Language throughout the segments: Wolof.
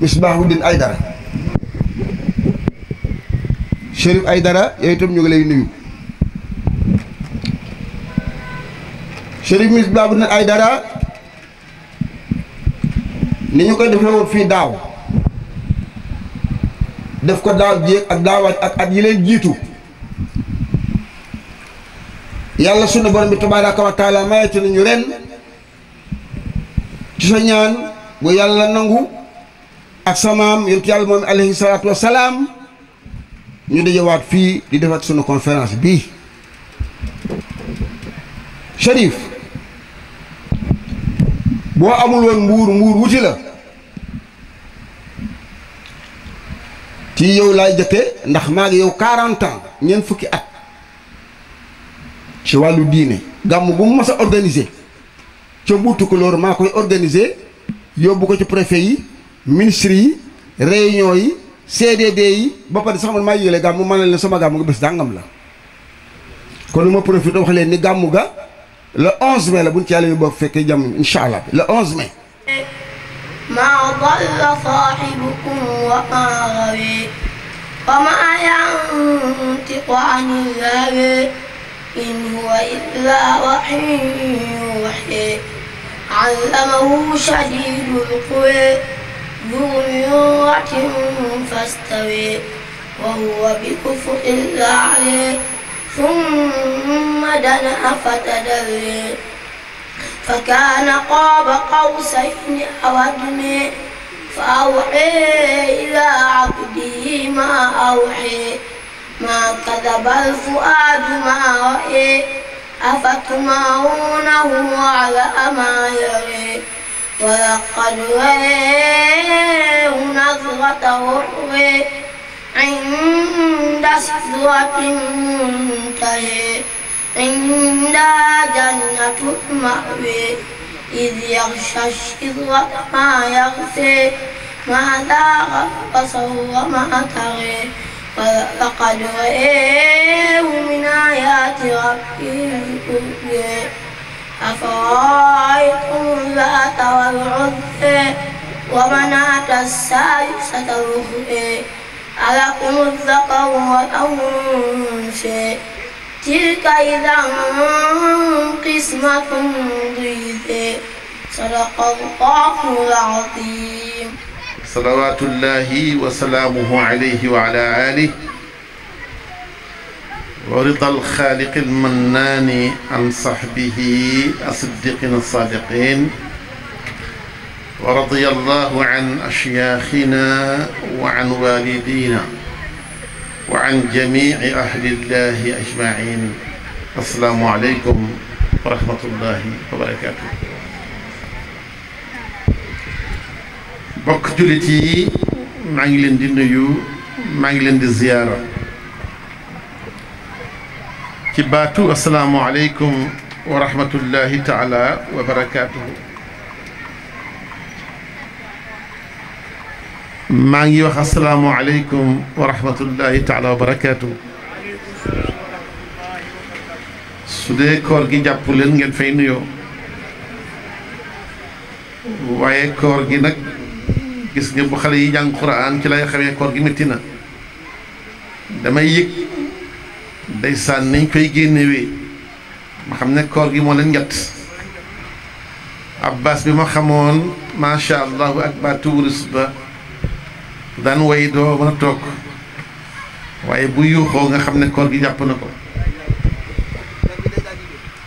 Ismaahuddin Aydara Chérif Aydara yooyu itam ñu ngi lay nuyu Chérif Ismaahuddin Aydara ni ñu koy defee woon fii daaw def ko daaw jéeg ak daawaat ak at yi leen jiitu yàlla sunu borom bi tabaaraka wa taala mayati nañu ren ci sa ñaan bu yàlla nangu ak samaam yonent yàlla moom alayhi salaam ñu dajawaat fii di defaat sunu conférence bi Cherif boo amul woon mbuur mbuur wuti la ci yow laay jëkke ndax maa ngi yow 40 ans ñeent fukki at ci wàllu diine gàmm bu mu mas a ca mbuutu ko loolu maa koy organiser yóbbu ko ci préfet yi ministry réunion yi CDD yi ba pare sax man maa yële gàmmu ma ne leen sama gàmmu ga bés dàngam la kon lu ma profité wax leen ni gàmmu ga le 11 mai la buñ ci yàlla yu bok fekkee jam inshallah le 11 mai. ما ضل صاحبكم وما غوي وما ينطق عن الهوى إن هو إلا وحي يوحي علمه شديد القوى ذو ميوعة فاستوي وهو بكفؤ الأعلى ثم دنا فتدري فكان قاب قوسين أو فأوحي إلى عبده ما أوحي ما كذب الفؤاد ما رأي أفتمارونه على ما يري ولقد يراه نظرة أخرى عند سدرة منتهي عند جنة المأوى إذ يغشى الشذرة ما يغشى ماذا غفصه وما تغي ولقد رآه من آيات ربه الكبرى أفرأيتم ذات والعد ومناة السادسة الأخرى ألكم الذكر والأنثى تلك إذا قسمة ضيزى صدق الله العظيم صلوات الله وسلامه عليه وعلى آله ورضا الخالق المنان عن صحبه الصديقين الصادقين ورضي الله عن أشياخنا وعن والدينا وعن جميع أهل الله أجمعين السلام عليكم ورحمة الله وبركاته bokk jullit yi maa ngi leen di nuyu كباتو السلام عليكم ورحمة الله تعالى وبركاته معي السلام عليكم ورحمة الله تعالى وبركاته سودي كورجي جابولين جن فينيو واي كورجي نك جسني بخلي جان قرآن كلا يخلي كورجي متينا دم يك ndeysaan nañ koy génnewee ma xam ne koor gi moo leen njatt abbas bi ma xamoon macha allahu ak ba tuuris ba daan way doo mën toog waaye bu yuuxoo nga xam ne koor gi jàpp na ko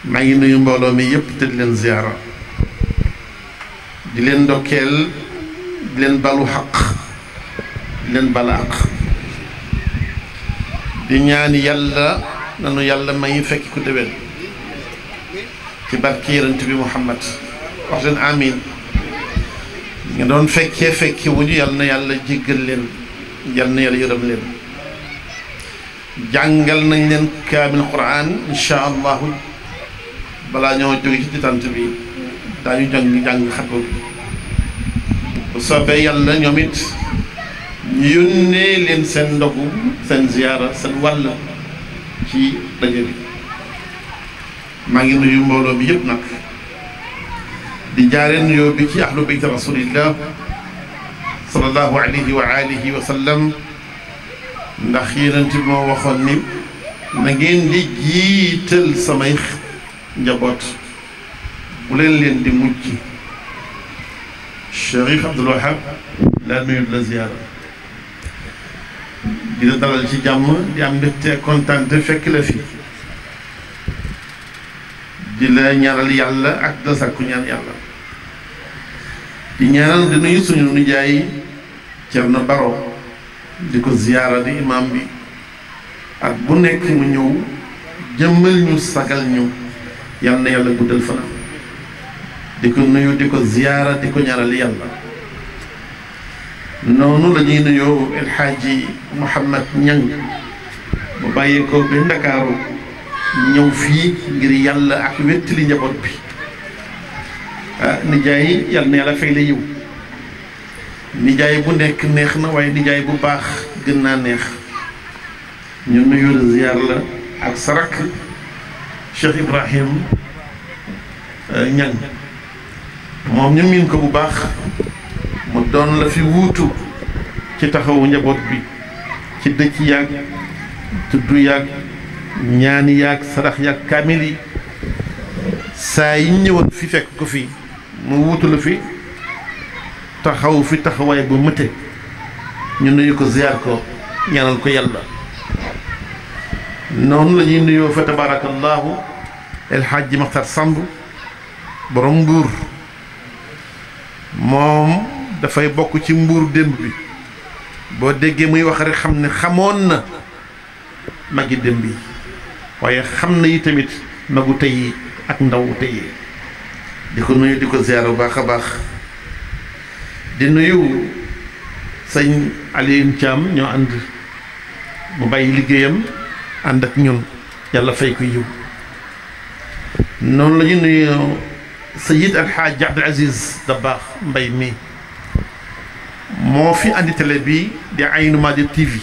maa ngi nuyu mbooloo mi yëpp te leen ziara di leen ndokkeel di leen balu xaq di leen bala di ñaan yàlla nanu yàlla may fekki ku déwén ci barke yonent bi Muhammad wax leen amiin nga doon fekkee fekki wuñu yàlla na yàlla jéggal leen yàlla na yàlla yërëm leen jàngal nañ leen kaamil Qur'an incha allahu balaa ñoo jóge ci tant bi daañu jàng jàng xatba bi bu soobee yàlla ñoom it. yónnee leen seen ndogu seen ziyaara seen wàll ci daje bi maa ngi nuyu mbooloo bi yëpp nag di jaaree nuyoo bi ci ahlu bayt rasulillah sallallahu alayhi wa alihi wa sallam ndax yonent bi moo waxoon ni na ngeen di jiital samay njaboot bu leen leen di mujj Cheikh Abdoul Wahab laa nuyu la ziyaara di dalal ci jàmm di am mbégte kontaan te fekk la fi di la ñaanal yàlla ak da sàkku yàlla di ñaanal di nuyu suñu nijaay Cerno Baro di ko ziyaara di imam bi ak bu nekk mu ñëw jëmmal ñu sagal ñu yal yàlla guddal fanam di ko nuyu di ko ziyaara di ko ñaanal yàlla noonu la ñuy nuyoo El Hadji Mouhamad bu bàyyee ko Ndakaaru ñëw fii ngir yàlla ak wéttali njaboot bi ah nijaay yàlla na yàlla fay la yiw nijaay bu nekk neex na waaye nijaay bu baax gën naa neex ñu nuyu la ziar la ak sarak Cheikh Ibrahim eh, Niang moom ñu miin ko bu baax don la fi wutu ci taxawu njabot bi ci dëcc yaag tuddu yaag ñaani yaag sarax yaag kaamil yi saa yi ñëwoon fi fekk ko fi mu wutu la fi taxaw fi taxawaay bu mëte ñu nuyu ko ziar ko ñaanal ko yàlla noonu la ñuy nuyoo fa tabarakallahu El Hadji Makhtar Samb borom mbuur moom dafay bokk ci mbuur démb bi boo déggee muy wax rek xam ne xamoon na magi démb yi waaye xam na yi tamit magu tey ak ndaw tey yi di ko nuyu di ko ziar bu baax a baax di nuyu sañ Alioune Thiam ñoo ànd mu bàyyi liggéeyam ànd ak ñun yàlla fay ko yiw noonu lañu ñu nuyu Sayid Alxaaj Abdul Aziz Dabaax Mbay mi moo fi andi télé bi di Aïnou Mady TV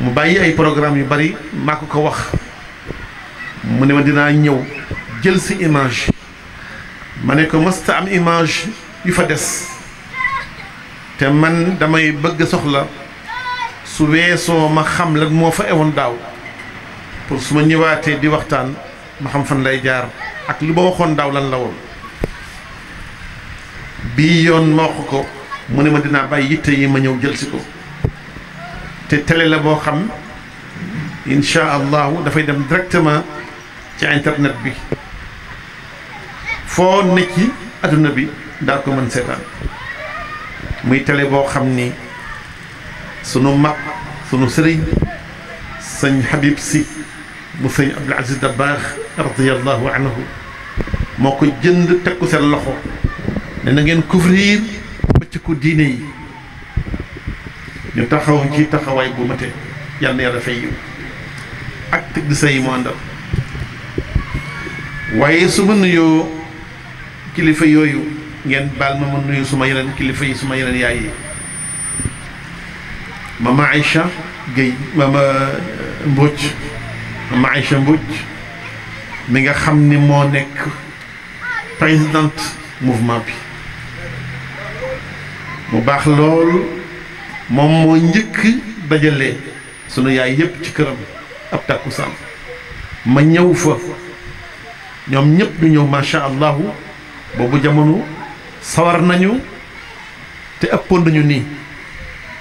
mu bàyyi ay programme yu bari maa ko ko wax mu ne ma dinaa ñëw jël si image ma ne ko mësta am image yu fa des te man damay bëgg soxla su weesoo ma xam lan moo fa ewoon daaw pour su ma ñëwaatee di waxtaan ma xam fan lay jaar ak lu ba waxoon daaw lan la woon bii yoon moo ko ko mu ne ma dinaa bàyyi yitte yi ma ñëw jëlsi ko te télé la boo xam incha allahu dafay dem directement ci internet bi foo ne ci adduna bi daal ko mën seetaan muy télé boo xam ni sunu mag sunu sëriñ sëñ Habib Sy mu sëñ Abdul Aziz Dabakh radiyallahu anhu moo ko jënd teg ko seen loxo ne na ngeen couvrir bëccëgu diine yi ñu taxaw ci taxawaay bu mate yal na yàlla fay yiw ak tëgg sa mu àndal waaye su ma nuyoo kilifa yooyu ngeen baal ma ma nuyu suma yeneen kilifa yi suma yeneen yaay yi mama Aïcha Guèye mama euh, Mbodj mama Aïcha Mbodj mi nga xam ni moo nekk présidente mouvement bi mu baax lool moom moo njëkk dajale sunu yaay yëpp ci këram ab tàkkusaan ma ñëw fa ñoom ñëpp ñu ñëw macha allahu boobu jamono sawar nañu te ëppoon nañu ni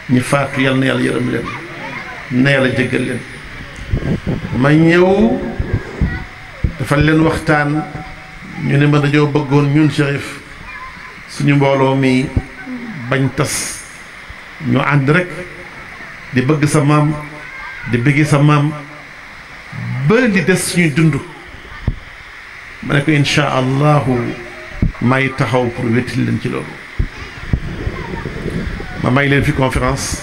ñu faatu yal na yàlla yërëm leen na yàlla jéggal leen ma ñëw dafa leen waxtaan ñu ne ma dañoo bëggoon ñun Cherif suñu mbooloo mi bañ tas ñu ànd rek di bëgg sa maam di bëgg sa maam ba li des suñuy dund ma ne ko incha allahu may taxaw pour wéttil leen ci loolu ma may fi conférence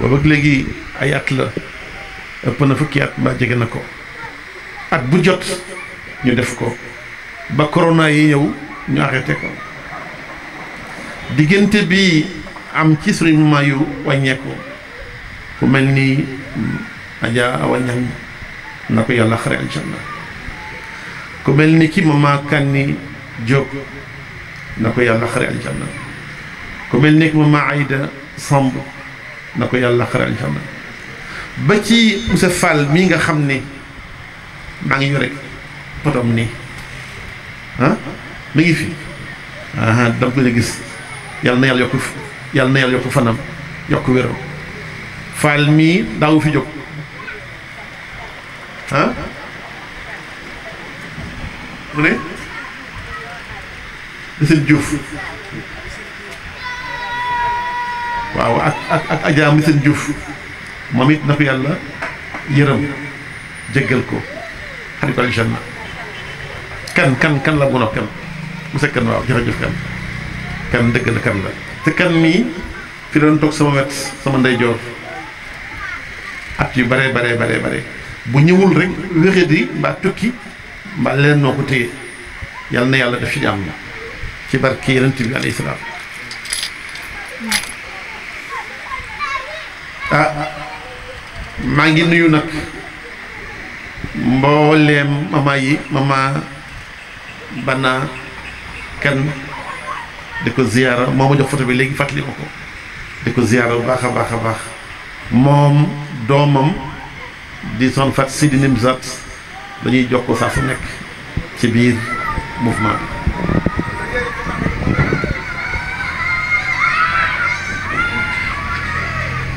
ba bëgg léegi ay at la ëpp na fukki at mbaa jege na ko at bu jot ñu def ko ba corona yi ñëw ñu arrêté ko digënté bi am ci sëriñ mayu wàññeeku ku melni ni mm, aja wàññam na ko yàlla xare aljanna ku melni ni ki mama kanni jog na ko yàlla xare aljanna ku melni ni ki mama aida samb na ko yàlla xare ba ci musa fall mi nga xamné ma ngi yore potom ni ah mi ngi fi aha ko gis yal na yàlla yokk yal na yàlla fanam yokk wéram faal mii daawu fi jóg ah mu ne sëñ Diouf waaw ak ak ak Adja mi sëñ Diouf moom it na ko yàlla yërëm jéggal ko xarit ko aljanna kan kan kan la mu no kan sekkan waaw jërëjëf kan kan dëgg la kan la te kan mii fi sama wet sama ndeyjoor at yu bare bare bare bare bu ñëwul rek wéxadi mbaa tukki mbaa leen noo ko téye yal na yàlla def ci jàmm na ci barke yonent bi alayhi salaam ah, maa ngi nuyu nag mbooleem mama yi mama bana kan di ko ziyaara moo ma jox photo bi léegi fàttali ma ko di ko ziyaara bu baax a baax a baax moom doomam di son fat si di nimsat dañuy jox ko saa su nekk ci biir mouvement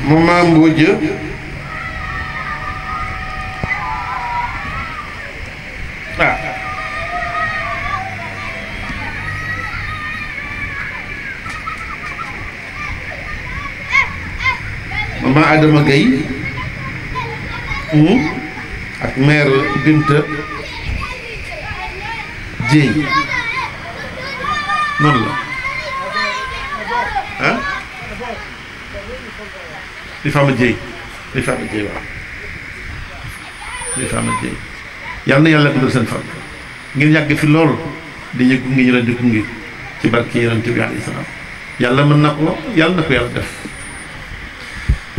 bi moom adama gay hmm? ak maire binta jéy non la ah di fama jéy di fama jéy wa di fama jéy yalla na ko guddal seen fan ngeen yag fi lol di ñu ngi ñu la di ngi ci barki yonente bi alayhi salaam yàlla mën na ko yalla nako yalla def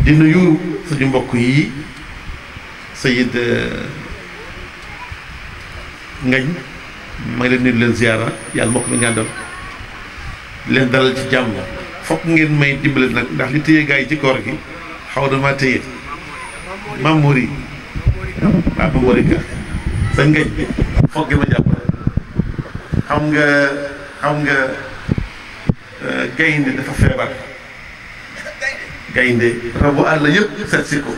Eh, di nuyu suñu mbokk yi sayid ngañ ma ngi leen nuyu leen ziara yàlla mbokk mi ngàndal leen dalal ci jàmm fokk ngeen may dimbale nag ndax li téye gars yi ci koor gi xaw damaa téye Mamouri waaw Mamouri ka sa ngañ fokk ngeen ma jàpp xam nga xam nga eh, gaynde dafa feebar gaynde rabu àll yëpp seet si ko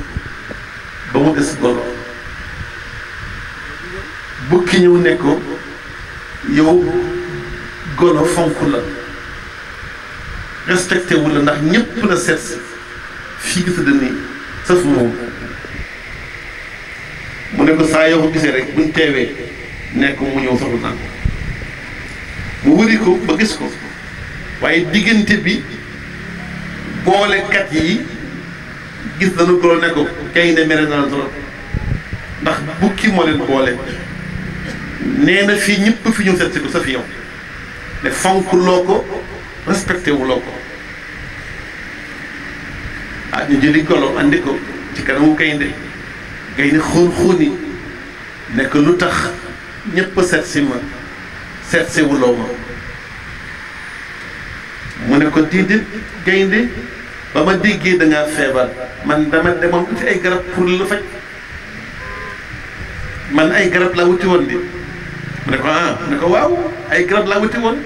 ba mu des golo bukki ñëw ne ko yow golo fonk la respecté wu la ndax ñëpp la seet si fii nga tëdd nii sa o mu ne ko saa yoo ko gisee rek buñ teewee nekk mu ñëw soxla naa ko mu wëri ko ba gis ko waaye diggante bi boolekat yi gis nañu ko ne ko kay ne mere na ndax bukki moo leen boole nee na fii ñëpp fi ñëw seet ko sa yow ne fonk loo ko respecté wu loo ko ah ñu jëli golo andi ko ci kanamu gaynde gaynde xóon xóoni nekk lu tax ñépp seet si ma seet ma mu ne ko diidi gaynde ba man déggee da ngaa feebar man dama demoon uti ay garab pour la faj man ay garab la wuti woon di mu ko ah waaw ay garab laa wuti woon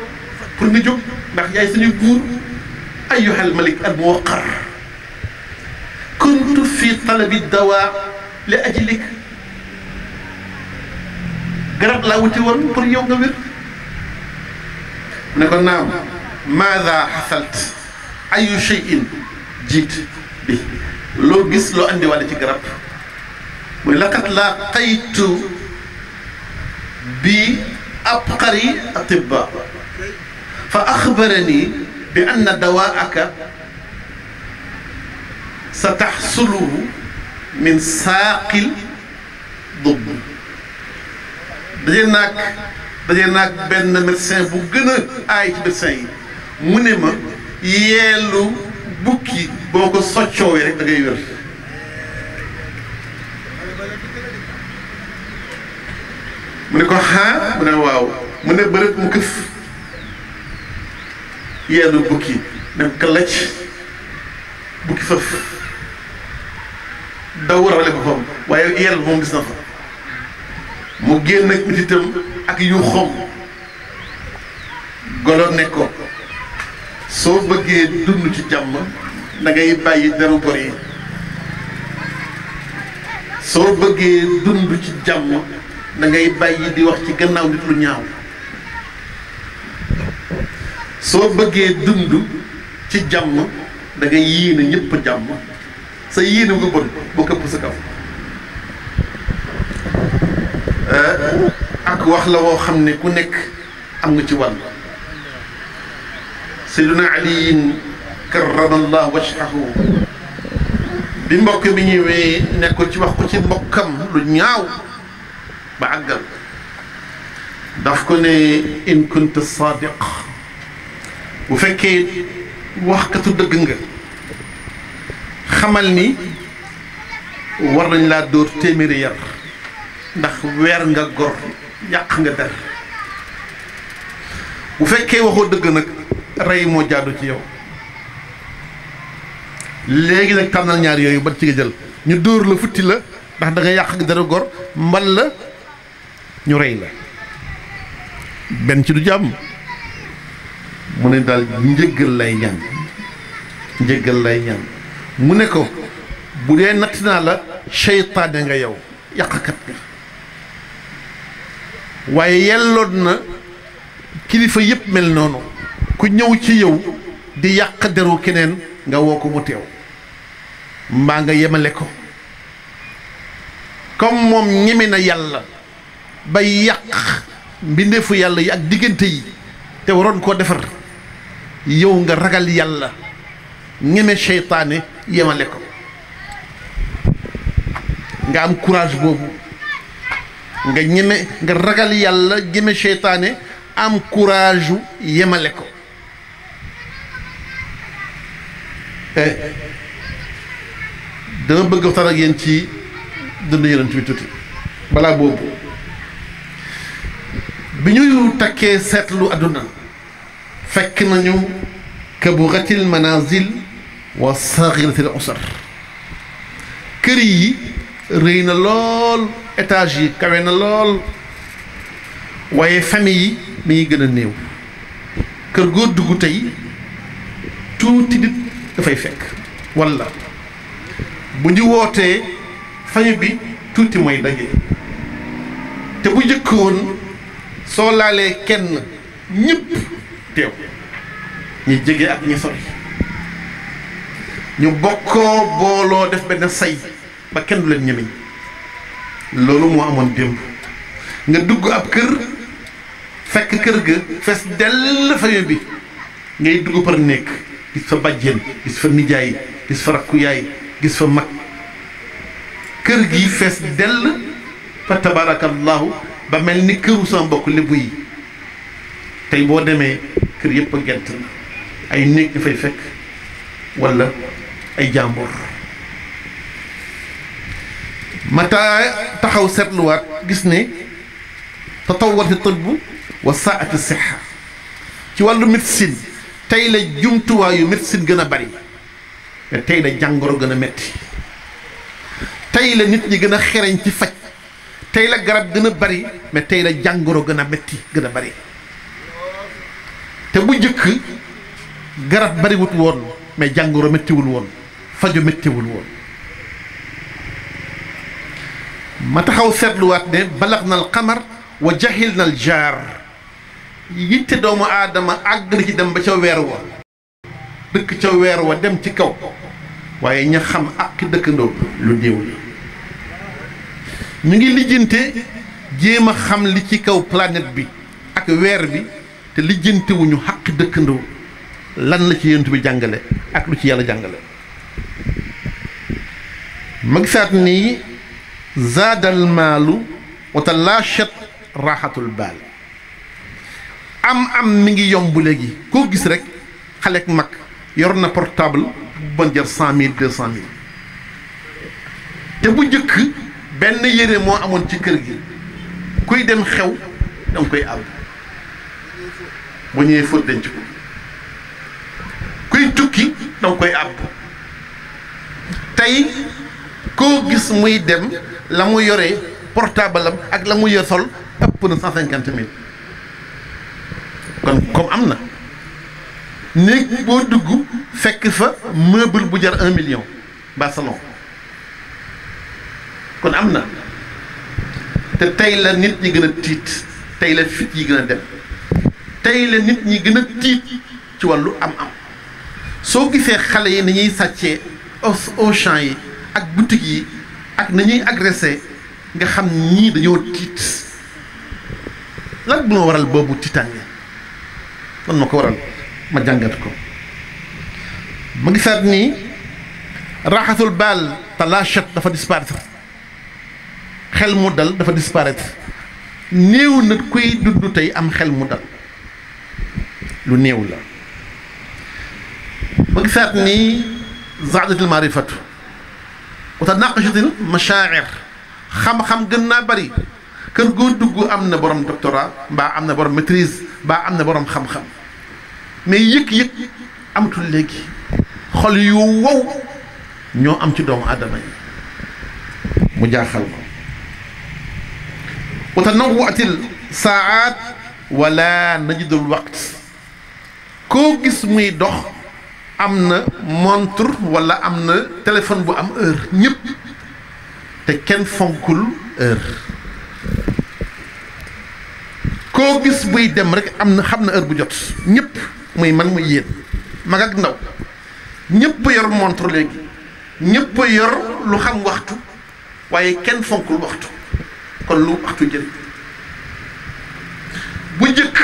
pour nga jóg ndax yaay suñu buur ayyuhal malik al muwaqqar kuntu fi talabi dawa li ajlik garab laa wuti woon pour yow nga wér mu naam maada xasalt ayu cheyin جيت بي لو جس لو عندي ولا تجرب ولقد لقيت بي أبقري أطباء فأخبرني بأن دواءك ستحصله من ساق الضب بجناك بجناك بين مرسين بجنو آيت مرسين منما يلو bukki boo ko soccoowee rek da wér mu ne ko xaar mu ne waaw mu ne bërët mu këf yenn bukki ne ko bukki fëf daw rawale ko fam waaye yell moom gis na fa mu génn ak mititam ak yu xom golo nekk ko so bëggé dund ci jamm da ngay bayyi deru bari so bëggé dund ci jamm da ngay bayyi di wax ci gannaaw nit lu ñaaw so bëggé dund ci jamm da ngay yéene ñëpp jamm sa yéene nga bon bu këpp sa kaw eh, ak wax la woo xam ne ku nekk am nga ci wàll سيدنا علي كرم الله وجهه بمبوك بني وي نكو تي واخ كو تي مبوكم لو نياو باغال دافكوني ان كنت صادق وفكي واخ كتو دغنغا خمالني war nañ la door téméré yar ndax wér nga gor yàq nga rey moo jaadu ci yow léegi nag tànnal ñaar yooyu ban ci nga jël ñu dóor la futti la ndax da nga yàq dara gor mbal la ñu rey la benn ci du jàmm mu ne daal njëggal lay ñaan lay ñaan mu ne ko bu dee natt naa la seytaane nga yow yàqkat nga waaye yelloon na kilifa yëpp mel noonu ku ñëw ci yow di yàq deru keneen nga woo ko mu teew mbaa nga yemale ko comme moom ñeme na yàlla ba yàq mbindeefu yàlla yi ak diggante yi te waroon koo defar yow nga ragal yàlla ñeme seytaane yemale ko nga am courage boobu nga ñeme nga ragal yàlla ñeme seytaane am courage yemale ko Eh, dama bëgg waxtaan ak yéen ci dund yonent bi tuuti balaa boobu bi ñuy takkee seetlu àdduna fekk nañu kaburatil manazil wa saghiratil usar kër yi rëy na lool étage yi kawe na lool waaye famille yi mi ngi gën a néew kër goo dugg tey tuuti nit nga fay fekk wala bu ñu wootee faño bi tuuti mooy daje te bu njëkk soo laalee kenn ñëpp teew ñi jege ak ñu sori ñu bokkoo booloo def benn say ba kenn du leen ñemiñ loolu moo amoon démb nga dugg ab kër fekk kër ga fees dell famille bi ngay dugg par néeg gis fa bàjjen gis fa nijaay gis fa rakku yaay gis fa mag kër gi fees dell fa tabarakallahu ba mel ni këru sama mbokk lébu yi tey boo demee kër yëpp gent na ay néeg fay fekk wala ay jàmbur mata taxaw seetluwaat gis ne tatawar ci tëbb wa saati sixa ci wàllu médecine tey la jumtuwaayu médecine gën a bari tey la jàngoro gën a metti tey la nit ñi gën a xereñ ci faj tey la garab gën a bari mais tey la jàngoro gën a metti gën a bari te bu njëkk garab bariwut woon mais jàngoro méttiwul woon faju méttiwul woon ma taxaw seetluwaat ne balax na al wa jahil na al jaar yitte doomu aadama àgg na ci dem ba ca weer wa dëkk ca weer wa dem ci kaw waaye ña xam ak dëkkandoo lu néew ñu ngi lijjante jéem a xam li ci kaw planète bi ak weer bi te lijjantewuñu xaq dëkkandoo lan la ci yént bi jàngale ak lu ci yàlla jàngale ma gisaat nii zaadal maalu wata laachat raaxatul baal am am mi ngi yomb léegi koo gis rek xale ak mag yor na portable bu bon jar cent mille deux cent mille te bu njëkk benn yére moo amoon ci kër gi kuy dem xew danga koy àbb bu ñëwee fóot denc ko kuy tukki danga koy àbb tey koo gis muy dem la mu yore portable am ak la mu yor sol ëpp na cent cinquante mille kon comme am na néeg boo dugg fekk fa meuble bu jar un million ba salon kon am na te tey la nit ñi gën tiit tey la fit yi gën a dem tey la nit ñi gën a tiit ci wàllu am-am soo gisee xale yi ni sàccee au champ yi ak boutique yi ak ni ñuy agressé nga xam ñii dañoo tiit lan moo waral boobu tiitaange lan ma ko waral ma jàngat ko mu gisaat ni raaxatul baal te la chat dafa disparaître xel mu dal dafa disparaître néew na kuy dund tey am xel mu dal lu néew la mu gisaat ni zaadatil maarifatu wa tanaqashatil mashaa'ir xam-xam gën naa bari kër goo dugg am na borom doctorat mbaa am na borom maîtrise ba am na borom xam-xam mais yëg-yëg amatul léegi xol yu wow ñoo am ci doomu aadama yi mu jaaxal ma wa tanawwatil saat wala najidul waqt koo gis muy dox am na montre wala am na téléphone bu am heure ñëpp te kenn fonkul heure koo gis buy dem rek am na xam na heure bu jot ñëpp muy man muy yéen mag ak ndaw ñëpp yor montre léegi ñëpp yor lu xam waxtu waaye kenn fonkul waxtu kon lu waxtu jëriñ bu njëkk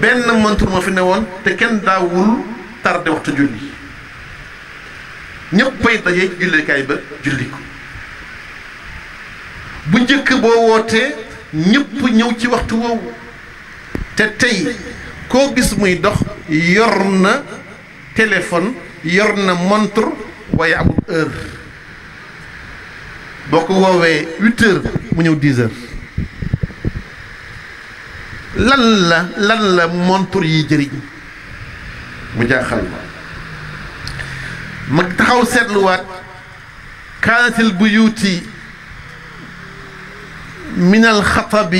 benn montre moo fi ne woon te kenn daawul tardé waxtu julli ñëpp bay daje jullikaay ba julli bu njëkk boo wootee ñëpp ñëw ci waxtu woowu te tey koo gis muy dox yor na téléphone yor na montre waaye amul heure boo ko woowee huit mu ñëw dix lan la lan la montre yi jëriñ mu jaaxal ma ma taxaw seetluwaat kaanatil bu yuuti من الخطب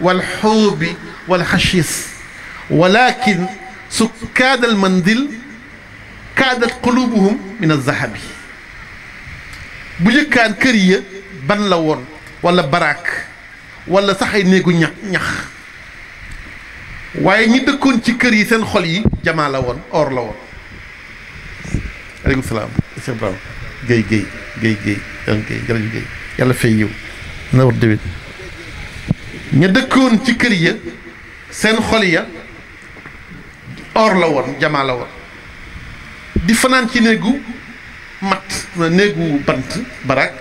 والحوب والحشيس ولكن سكاد المندل كادت قلوبهم من الذهب بوجي كان كريه بن لاور ولا براك ولا صحي نيغو نياخ نياخ واي ني دكون سي كريي سن خول يي جمال لاور اور لاور عليكم السلام سي برام جي جي جي جي جي فيو نور ديبيت ña dëkkoon ci kër ya seen xol ya or la woon jamaa la woon di fanaan ci néegu matt néegu bant barak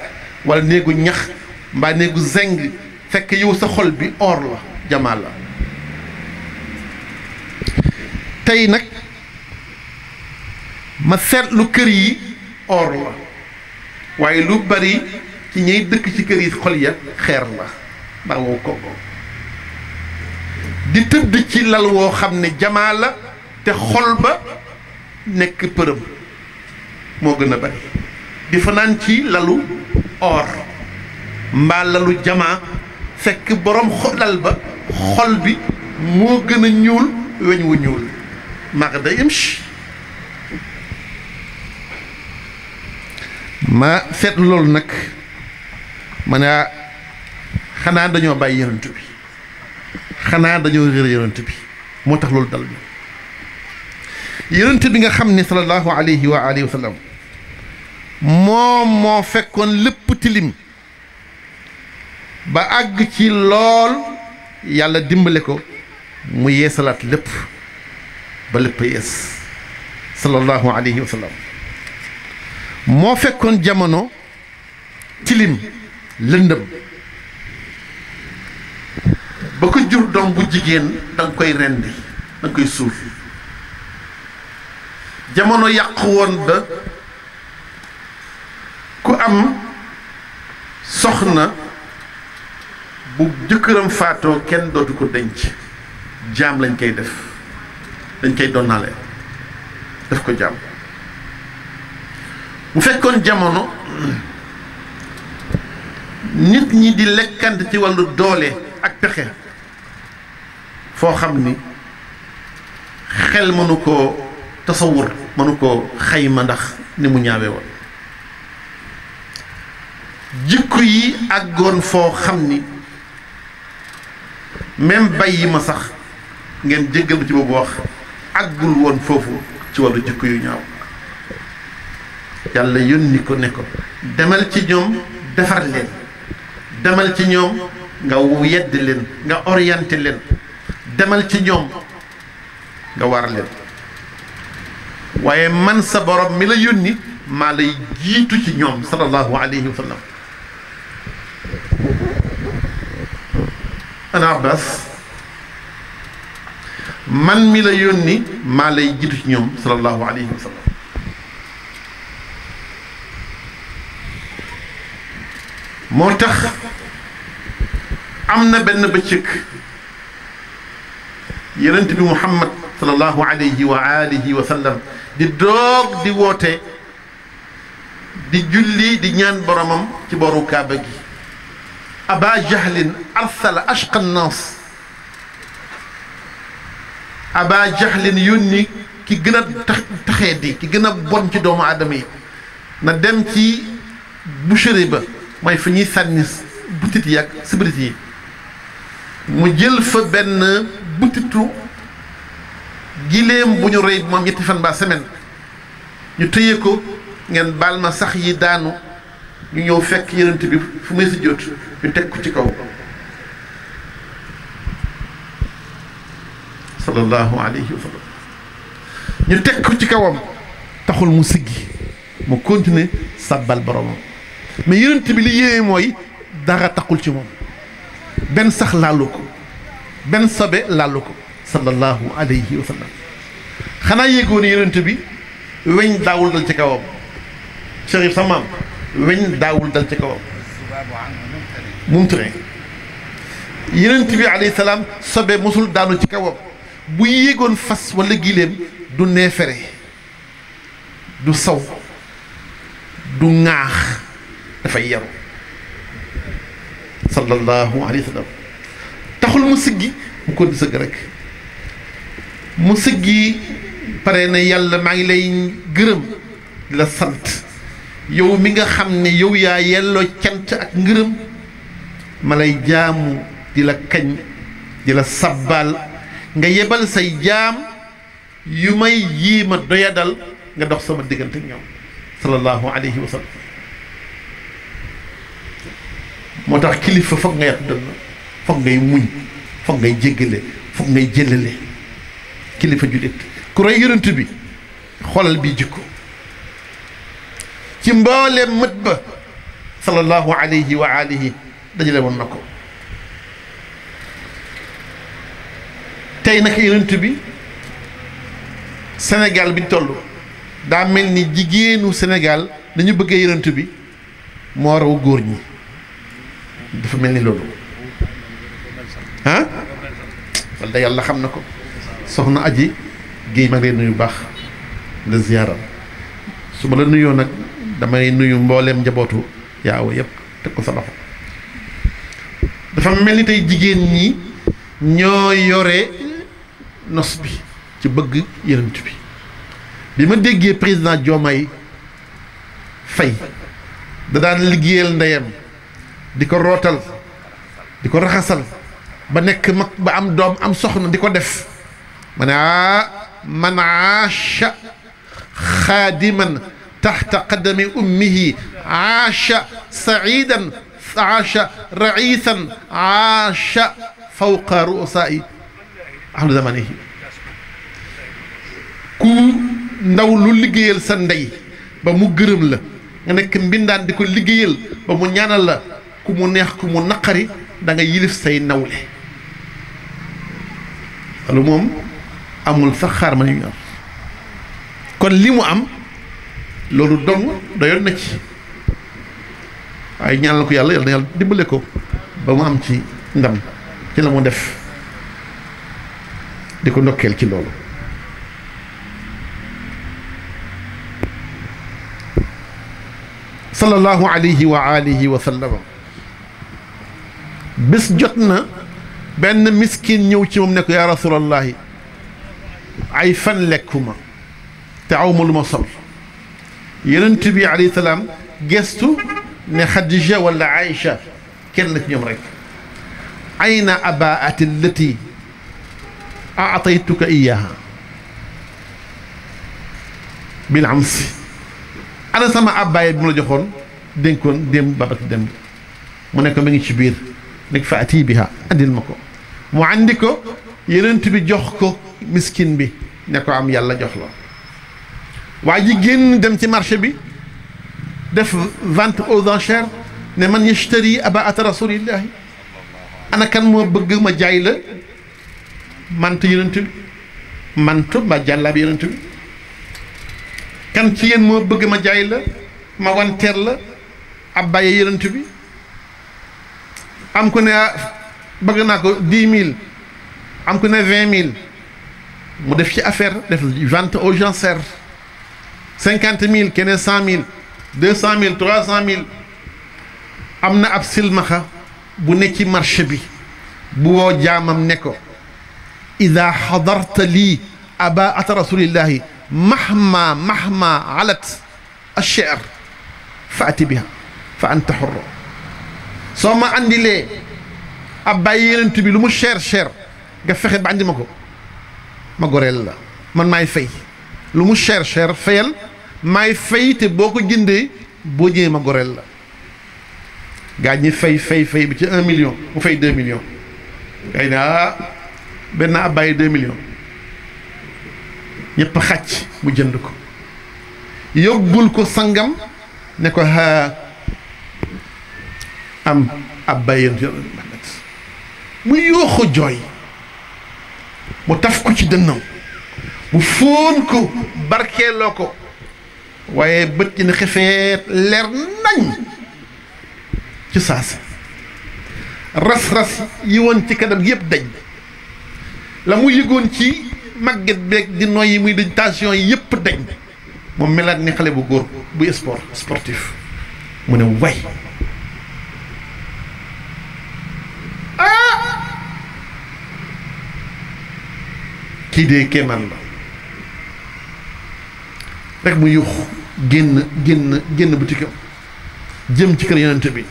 wala néegu ñax mbaa néegu zeng fekk yow sa xol bi or la jamaa la tey nag ma seetlu kër yi or la waaye lu bari ci ñay dëkk ci kër yi xol ya xeer la bawoo kooko di tëdd ci lal woo xam ne jamaa la te xol ba nekk përëm moo gën a bari di fanaan ci lalu or mbaa lalu jamaa fekk boroom xol bi moo gën a ñuul weñ wu ñuul magda imshi ma seet loolu nag ma ne xanaa dañoo bàyyi yonent bi xanaa dañoo réer yonent bi moo tax loolu dal ñu yonent bi nga xam ne sallallahu alayhi wa alihi wa sallam moom moo fekkoon lépp tilim ba àgg ci lool yàlla dimbale ko mu yeesalaat lépp ba lépp yees sallallahu alayhi wa sallam moo fekkoon jamono tilim lëndëm ba ko jur doom bu jigéen danga koy rendi da nga koy suuf jamono yàqu woon ba ku am soxna bu jëkkëram faatoo kenn dootu ko denc jaam lañ koy def dañ koy donnale def ko jaam bu fekkoon jamono nit ñi di lekkante ci wàllu doole ak pexe foo xam ni xel mënu koo tasawur mënu koo xayma ndax ni mu ñaawe woon jikko yi àggoon foo xam ni même bàyyi ma sax ngeen jéggal ma ci boobu wax àggul woon foofu ci wàllu jikko yu ñaaw yàlla yónni ko ne ko demal ci ñoom defar leen demal ci ñoom nga yedd leen nga orienté leen demal ci ñom nga war leen waye man sa borom mi la yoni ma lay jitu ci ñom sallallahu alayhi wasallam ana abbas man mi la yoni ma lay jitu ci ñom sallallahu alayhi wasallam motax amna tax am benn bëccëg yonent bi muhammad sallallahu alayhi wa alihi wa sallam di doog di woote di julli di ñaan boromam ci boru kaaba gi aba jahlin arsala ashqa nnaas aba jahlin yónni ki gën a taxee di ki gën a bon ci doomu aadama yi na dem ci boucherie ba mooy fi ñuy sànni butit yi ak sibrit yi mu jël fa benn butitu giléem bu ñu rey moom ñetti fan ba semaine ñu tëye ko ngeen baal ma sax yi daanu ñu ñëw fekk yonent bi fu muy si jot ñu teg ko ci kaw sallallahu alayhi wa teg ko ci kawam taxul mu siggi mu continuer sàbbal boromam mais yonent bi li yéeme mooy dara taxul ci moom benn sax laalu ko ben sobe lalu ko sallallahu alayhi wa sallam xana yéegoon yonentou bi weñ dawul dal ci kawam cheikh samam weñ dawul dal ci kawam mumtare yonentou bi alayhi salam sobe musul dalu ci kawam bu yegone fas wala gilem du nefere du saw du da fay yaru sallallahu alayhi wa sallam taxul mu siggi mu ko di sëgg rek mu siggi pare na yàlla maa ngi lay gërëm di la sant yow mi nga xam ne yow yaa yelloo cant ak ngërëm ma lay jaamu di la kañ di la sabbaal nga yebal say jaam yu may yii ma doyadal nga dox sama diggante ñoom sallallahu alayhi wa sallam moo tax kilifa foog nga yàq dënn foog ngay muñ foog ngay jéggale foog ngay jëlale kilifa jullit ku roy bi xoolal bi jikko ci mbooleem mët ba sallallahu alayhi wa alihi dajale woon na ko tey nag yonent bi Sénégal biñ toll daa mel ni jigéenu senegaal dañu bëggee yonent bi moo raw góor ñi dafa mel ni loolu Hah? wala yàlla xam sohna soxna aji géey mag leen nuyu baax la ziyaara su ma la nuyoo nag damay nuyu mbooleem njabootu yaawa yépp teg ko sa loxo dafa ni nyoyore jigéen ñi ñoo yore nos bi ci bëgg yërënt bi bi ma président da daan liggéeyal di korrotal, di ko raxasal ba nekk mag ba am doom am soxna di ko def ma ne ah man aasha xaadiman taxta qadami ummihi aasha saidan aasha raisan aasha fawqa ruusaai ahlu zamanihi ku ndaw lu liggéeyal sa ndey ba mu gërëm la nga nekk mbindaan di ko liggéeyal ba mu ñaanal la ku mu neex ku mu naqari da nga yilif say nawle loolu moom amul sax xaar ma ni ñu am kon li mu am loolu dong doyoon na ci waaye ñaanal ko yàlla yàlla na yàlla ko ba mu am ci ndam ci la mu def di ko ndokkeel ci loolu sallallahu alayhi wa alihi wa sallam bés jot na benn miskin ñëw ci moom ne ko yaa rasulallahi ay fan lekkuma te awma lu ma sol yenent bi alayhi salaam gestu ne Xadija wala Aïcha kenn la ci ñoom rek ayna abaati allati aataytuka iyaha bil amsi ana sama abbaay bi mu la joxoon dénkoon démb babati démb mu nekk mi ngi ci biir nekk fa atii biha andil ma ko mu àndi ko yenent bi jox ko miskin bi ne ko am yàlla jox lo waji génn dem ci marché bi def vente aux enchères ne man yishtari aba at rasulillah ana kan mo beug ma jay la mant yenent bi mant ma jàllaab yenent bi kan ci yéen mo beug ma jay la ma wan ter la abaye yenent bi am ko ne bëgg naa ko dix mille am ku ne vingt mille mu def ci affaire def vente aux enchères cinquante mille keneen cent mille deux cent mille trois cent mille am na ab silmaxa bu ne ci marché bi bu woo jaamam ne ko ida xadarta lii abaata rasulillahi mahma mahma alat acher fa ati biha fa anta xurro soo ma andilee ab bàyyi yenent bi lu mu cher cher nga fexe ba andi ma ko ma goreel la man maay fay lu mu cher cher fayal maay fay te boo ko jëndee boo ñëwee ma goreel la gaa ñi fay fay fay bi ci un million mu fay deux millions gay naa benn ab bàyyi deux millions ñëpp xàcc mu jënd ko yóbbul ko sangam ne ko haa am ab bàyyi mu yuuxu jooy mu taf ko ci dënnam mu fóon ko barkeeloo ko waaye bët yi ne xefeet leer nañ ci saasi ras-ras yi woon ci kanam yëpp dañ la mu yëgoon ci màgget beeg di noy yi muy dañ tension yi yëpp dañ moom melaat ni xale bu góor bu sport sportif mu ne way kii dee kéemaan la rek mu yuux génn génn génn butikam jëm ci kër yonent bi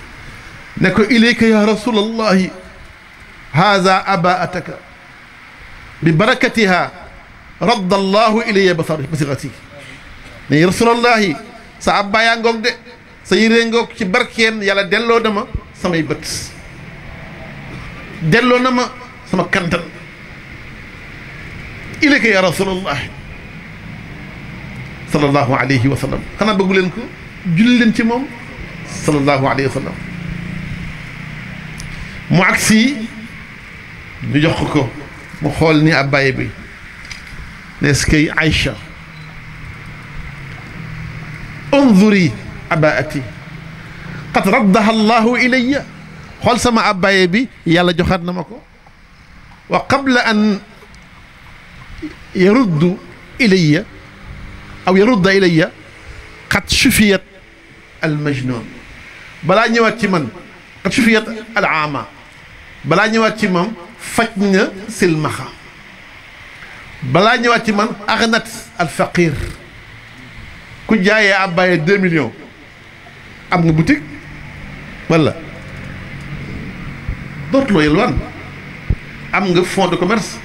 ne ko ilayka ya rasulallahi haada abaataka bi barakatiha radda allahu ilayya ne rasulallahi sa abbaaya ngoog de sa yëree ci barkeen yàlla delloo na ma samay bët delloo na ma sama kantan إليك يا رسول الله sallallahu alayhi wa sallam xanaa bëggu leen ko julli leen ci moom sallallahu alayhi wa sallam mu agsi ñu jox ko mu xool ni abbaye bi nees kay Aïcha unzuri abaati qad raddaha allahu ilayya xool sama abbaye bi yàlla joxaat na ma ko wa qabla an يرد إلي أو يرد إلي قد شفيت المجنون بلا نيوات من قد شفيت العامة بلا نيوات من فجن سلمخا بلا نيوات من أغنت الفقير كو جاي اباي 2 مليون ام بوتيك ولا دوت لو يلوان ام فون دو كوميرس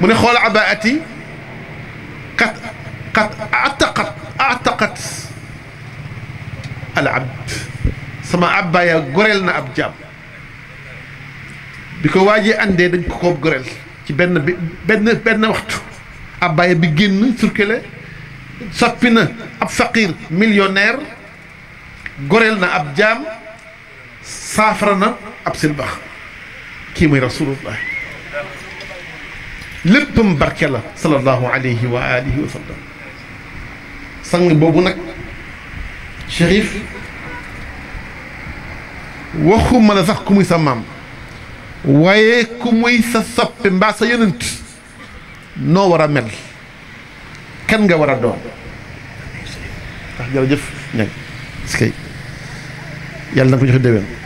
من خول عباءتي قد قد اعتقد اعتقد العبد سما عبا يا غورلنا ابجام بيكو واجي اندي دنج كوب غورل تي بن بن بن وقت ابا يا بي ген سركله صفينا اب فقير مليونير غورلنا ابجام سافرنا اب سلبخ كي مي رسول الله léppam barke la sallallahu alayhi wa alihi wa sallam sang boobu nag Chérif waxuma la sax ku muy sa maam waaye ku muy sa soppe mbaa sa yonent noo war a mel kan nga war a doon ndax jërëjëf ñag s yàlla na ko joxe déwén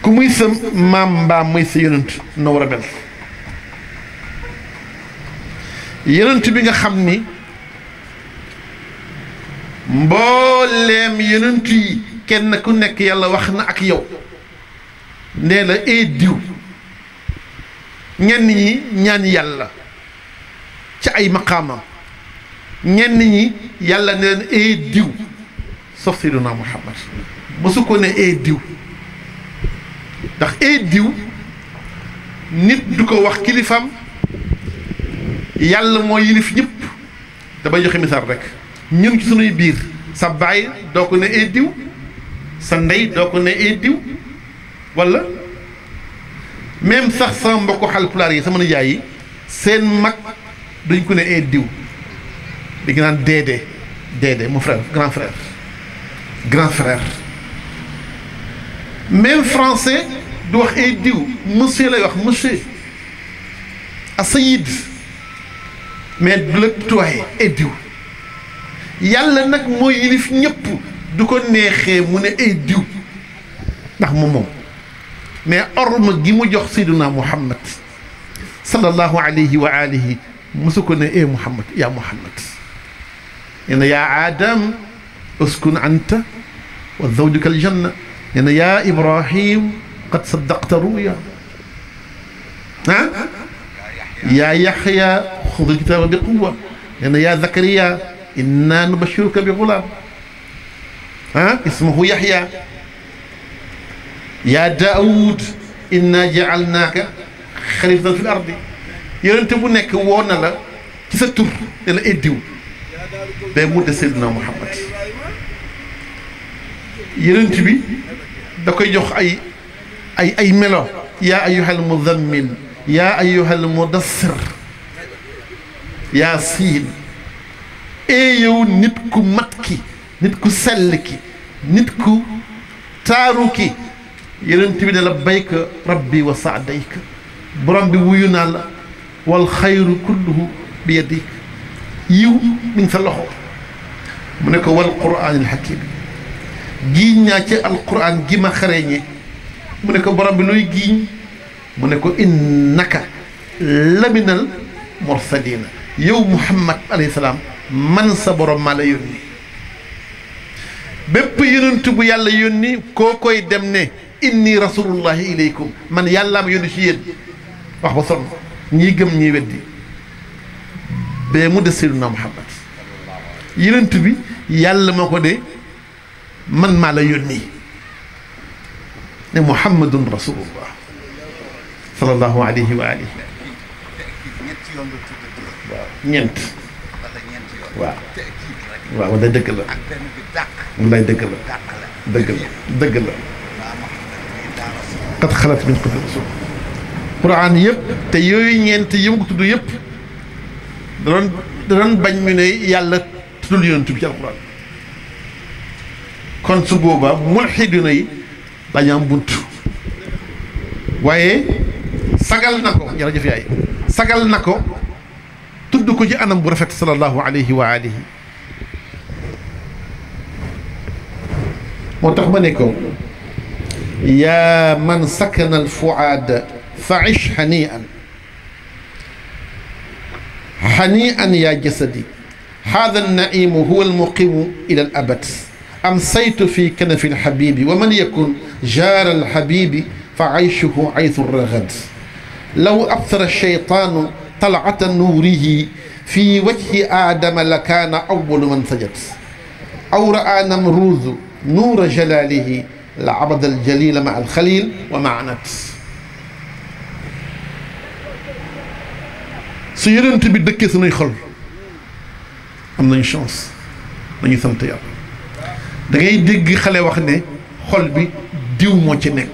ku muy sa maam mbaam muy sa yonent na war a mel yonent bi nga xam ni mbooleem yonent yi kenn ku nekk yàlla wax na ak yow nee la ee eh, diw ñenn ñi ñaan yàlla ci ay maqaamam ñenn ñi yàlla ne leen ee eh, diw sauf sayyiduna muhammad mosu ko ne ee eh, diw ndax ay nit du ko wax kilifam yàlla moo yilif ñëpp damay joxe misaal rek ñun ci suñuy biir sa baay doo ko ne ay sa ndey doo ko ne ay diw walla même sax sama mbokku xalpulaar yi sama nijaay yi seen mag duñ ko ne ay diw dañ ko naan déedee déedee grand frère grand frère même français دوخ ايديو مسي لا يخ مسي السيد مي بلوك توي ايديو يالا نك مو يليف نيب محمد صلى الله عليه واله مسكو ني محمد يا محمد ان يا ادم اسكن انت وزوجك الجنه ان يا ابراهيم قد صدقت رؤيا ها يا يحيى خذ الكتاب بقوة لأن يا زكريا إنا نبشرك بغلام ها اسمه يحيى يا داود إنا جعلناك خليفة في الأرض يرنت بو نيك وونا لا ci sa tur ne la eddiw day mudde Seydina Muhammad yonent bi da ay ay melo yaa ayyuhal muzammil yaa ayyuhal mudassir yaa siin ee yow nit ku mat ki nit ku sell ki nit ku taaru ki yonent bi ne labbayka rabbi wa saadayka borom bi wuyu naa la wal xayru kulluhu bi yadika yiw mi ngi sa loxo mu ne ko wal quraanil hakim giiñ naa ci alquran gi ma xareñe mu ne ko borom bi nuy giiñ mu ne ko innaka laminal mursalina yow muhammad alayhi salaam man sa borom maa la yónni bépp yonent bu yàlla yónni koo koy dem ne inni rasulullahi ilaykum man yàlla ma yónni ci yéen wax ba sonn ñii gëm ñii weddi bee mu des sayyiduna muhammad yonent bi yàlla moo ko de man maa la yónni لمحمد رسول الله صلى الله عليه واله نيت واه واه دك لا لا دك لا دك لا دك لا قد خلت من قبل قران يب تيوي نيت يم تدو يب دون دون باج ني ني يالا تدول يونت في القران كون سو بوبا dañam buntu waye sagal nako yalla jëf yaay sagal nako tuddu ko ci anam bu rafet sallallahu alayhi wa alihi motax ma ne ko ya man sakana al fuad fa ish hanian hanian ya jasadi هذا النعيم هو المقيم إلى الأبد أمسيت في كنف الحبيب ومن يكن جار الحبيب فعيشه عيث الرغد لو أبصر الشيطان طلعة نوره في وجه آدم لكان أول من سجد أو رأى نمروذ نور جلاله لعبد الجليل مع الخليل ومع نفس su yonent bi dëkkee sunuy xol am nañ chance dañuy sant yàlla da ngay dégg diw mo ci nek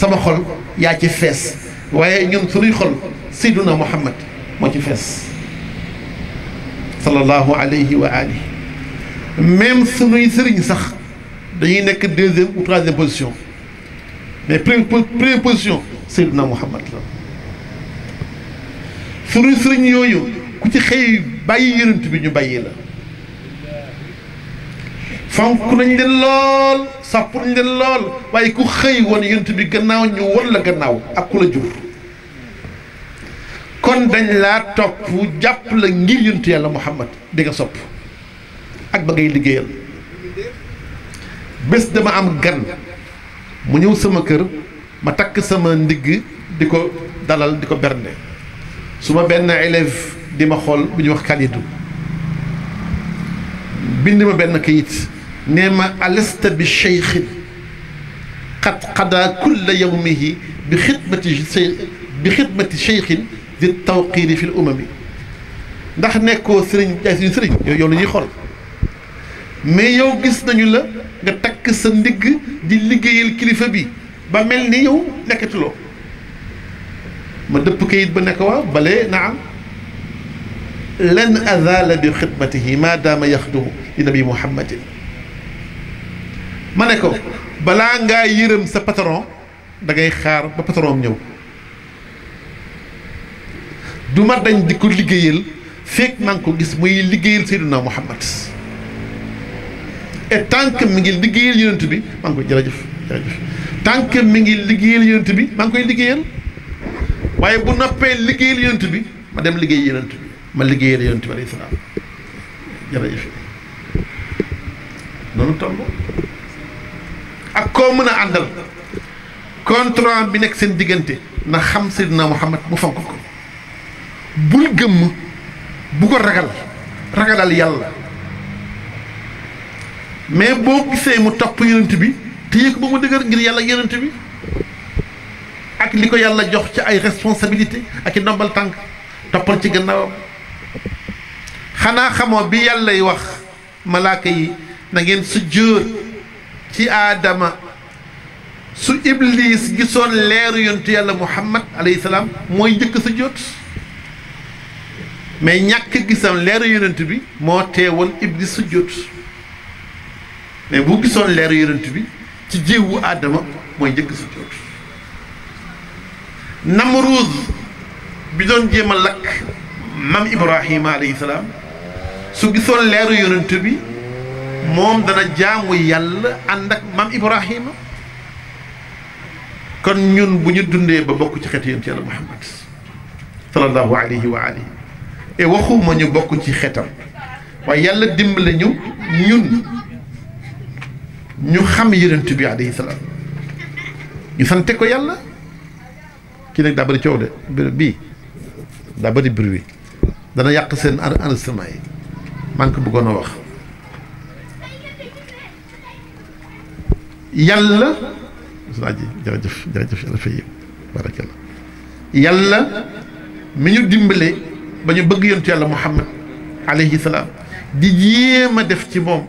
sama xol ya ci fess waye ñun suñu xol sayyiduna muhammad mo ci fess sallallahu alayhi wa alihi même suñu serigne sax dañuy nek deuxième ou troisième position mais première position sayyiduna muhammad la suñu serigne yoyu ku ci xëy bàyyi yëneent bi ñu bàyyi la fonk nañ leen lool sàpp nañ leen lool waaye ku xëy woon yent bi gannaaw ñu won la gannaaw ak ku la jur kon dañ laa topp jàpp la ngir yent yàlla muhammad di nga sopp ak ba ngay liggéeyal bés dama am gan mu ñëw sama kër ma takk sama ndigg di ko dalal di ko bernde su ma benn élève di ma xool bu ñu wax kalidu bind ma benn kayit نما ألست بالشيخ قد قضى كل يومه بخدمة بخدمة شيخ ذي التوقير في الأمم نحن نكو سرين جاسين سرين يولي يخول مي يو جس نجولا نتك سندق دي لغي الكلفة بي بامل نيو نكتلو ما كيد بنكوا بلي نعم لن أذال بخدمته ما دام يخدم النبي محمد دي. ma ne ko balaa ngaa yërëm sa pataron dangay ngay xaar ba pataron ñëw du ma dañ di ko liggéeyal fekk maa ngi ko gis muy liggéeyal Seydina Muhammad et tant que mi ngi liggéeyal yonent bi maa ngi koy jërëjëf jërëjëf tant que mi ngi liggéey yonent bi maa ngi koy liggéeyal waaye bu noppee liggéeyal yonent bi ma dem liggéey yonent bi ma liggéeyal yonent bi alayhi salaam ak koo mën a àndal contrat bi nekk seen diggante na xam Seydina Muhammad mu fonk ko bul gëmm bu ko ragal ragalal yàlla mais boo gisee mu topp yonent bi téye ko ba mu dëgër ngir yàlla yonent bi ak li ko yàlla jox ci ay responsabilité ak ci ndombal tànk toppal ci gannaawam xanaa xamoo bi yàllay wax malaaka yi na ngeen sujjóot ci aadama su iblis gisoon leeru yontu yàlla muhammad alayhi salaam mooy njëkk sa jóot mais ñàkk gisam leeru yonent bi moo teewal iblis su mais bu gisoon leeru yonent bi ci jéewu aadama mooy njëkk su jóot namruuz bi doon jéem a lakk mam ibrahima alayhi salaam su gisoon leeru yonent bi moom dana jaamu yàlla ànd ak maam Ibrahima kon ñun bu ñu dundee ba bokk ci xeetu yonent yàlla Muhammad sallallahu alayhi wa alihi e waxuma ñu bokk ci xetam waaye yàlla dimbale ñu ñun ñu xam yonent bi alayhi salaam ñu sante ko yàlla kii nag daa bëri coow de bii daa bëri bruit dana yàq seen enregistrement yi maa ngi ko bëggoon a wax yàlla ustaas ji jërëjëf jërëjëf yàlla fay barakallah yàlla mi ñu dimbale ba ñu bëgg yontu yàlla muhammad alayhi salaam di jéem a def ci moom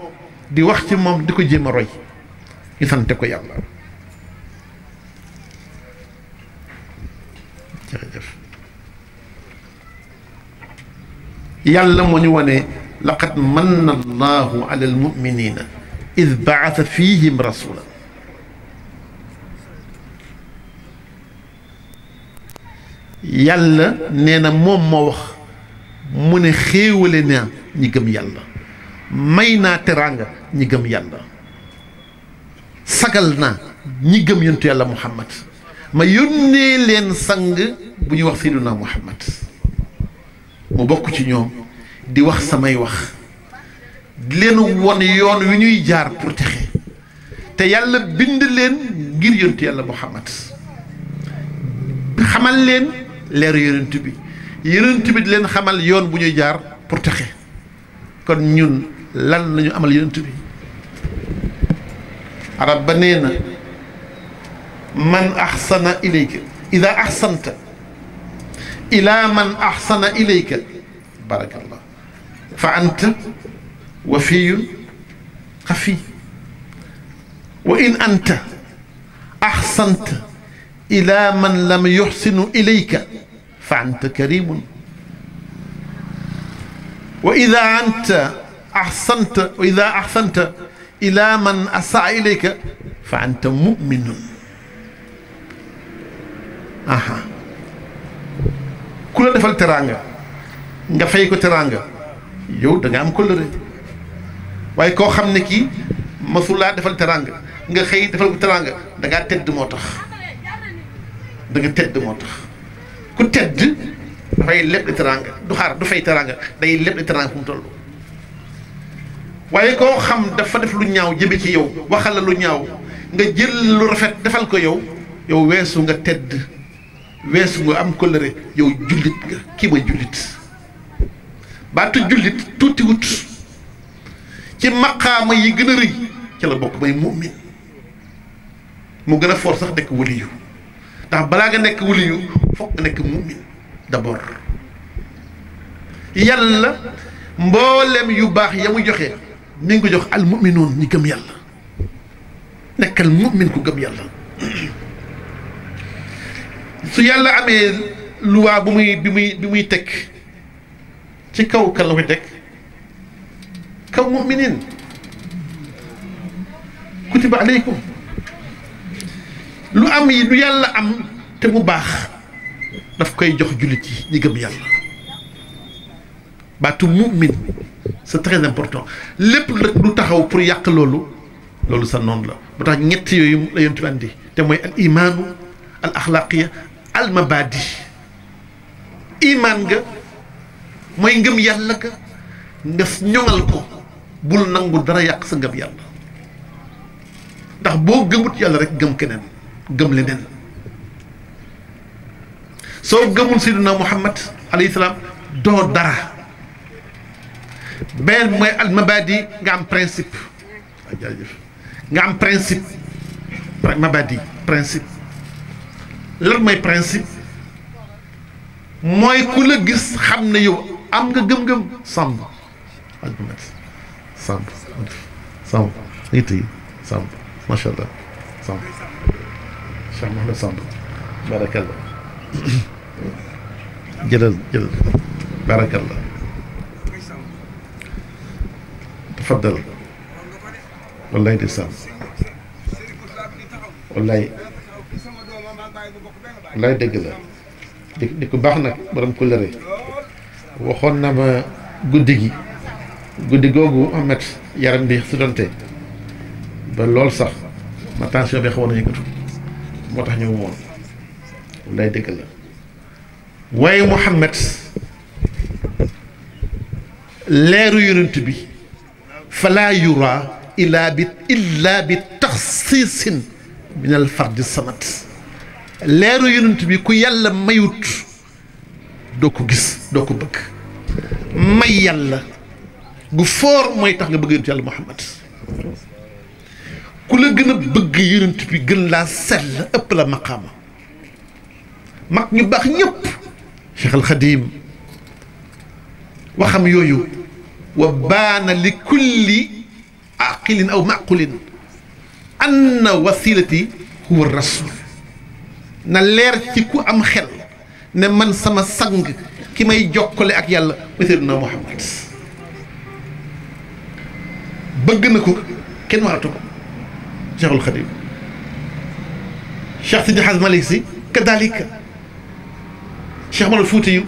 di wax ci moom di ko jéem a roy ñu sante ko yàlla jërëjëf yàlla moo ñu wane laqad manna allahu ala almuminina id baata fihim rasula yàlla nee na moom moo wax mu ne xéewale naa ñi gëm yàlla may naa teraanga ñi gëm yàlla sagal na ñi gëm yontu yàlla muhammad ma yónnee leen sang bu ñuy wax seyduna muhammad mu bokk ci ñoom di wax samay wax di leen won yoon wi ñuy jaar pour te yàlla bind leen ngir yontu yàlla muhammad xamal leen leer yonent bi yonent bi di leen xamal yoon bu ñuy jaar pour texe kon ñun lan lañu amal yonent bi arab ba na man ahsana ilayka idha ahsanta ila man ahsana ilayka barakallah fa anta wafi khafi wa in anta axsanta إلى من لم يحسن إليك فأنت كريم وإذا أنت أحسنت وإذا أحسنت إلى من أساء إليك فأنت مؤمن أها ku la defal teraanga nga fay ko teraanga yow da nga am kóllëre waaye koo xam ne kii masul laa defal teraanga nga xëy defal ko teraanga da ngaa tedd moo tax da nga tedd moo tax ku tedd dafay leb di teraanga du xaar du fay teraanga day leb di teraanga fu mu toll waaye koo xam dafa def lu ñaaw jëme ci yow waxal la lu ñaaw nga jël lu rafet defal ko yow yow weesu nga tedd weesu nga am kóllëre yow jullit nga kii mooy jullit baatu jullit tuuti ci maqaama yi gën a rëy ci la bokk mooy muumin mu gën a foor sax nekk waliyu ndax balaa nga nekk wuli yu foog nga nekk mumin d'abord yàlla mboolem yu baax ya mu joxe mi ngi ko jox al ni ñi gëm yàlla nekkal mumin ku gëm yàlla su yàlla amee luwaa bu muy bi muy bi muy tekk ci kaw kan la koy teg kaw muminin kutiba aleykum lu am yi du yalla am te mu bax daf koy jox julit yi gem yalla ba baatu mu'min c'est très important lepp rek du taxaw pour yak lolu lolu sa non la motax ñet ñett la yentu andi te moy al iman al axlaaqiya al mabadi iman nga moy ngeum yalla ka nga ñongal ko bul nangu dara yak sa ngeum yalla ndax bo geumut yalla rek geum keneen gëm leneen soo gëmul sidina muhammad alayhi salaam doo dara benn mooy al mabadi nga am principe jaajëf nga am principe mabadi principe lan mooy principe mooy ku la gis xam ne yow am nga gëm-gëm sàmb alhamdulilah sàmb sàmb nit yi sàmb macha allah شكرا لك سامبو بارك الله جلال جلال بارك الله تفضل والله دي سام والله والله دي لا ديكو باخ نا بروم كول ري واخون نا ما غودي غودي غوغو امات يارم بي سودانتي با لول صاح ما تانسيون بي خوانا يكتب moo tax ñëw woon wallaay dëgg la waaye Muhammad leeru yonent bi falaa yura illa bi illa bi taxsiisin min al fardi samat leeru yonent bi ku yàlla mayut doo ko gis doo ko bëgg may yàlla gu foor mooy tax nga bëgg yonent yàlla Muhammad ku la gën a bëgg yërënt bi gën laa sell ëpp la maqaama mag ñu baax ñëpp Cheikh al khadim waxam yooyu wa baana li kulli aqilin aw maqulin anna wasilati huwa rasul na leer ci ku am xel ne man sama sang ki may jokkale ak yàlla ma Seydina Muhammad bëgg na ko kenn waxatu ko شيخ الخليل cheikh Sidi Hadj Malick si kadalika cheikh Umar Fuutiyu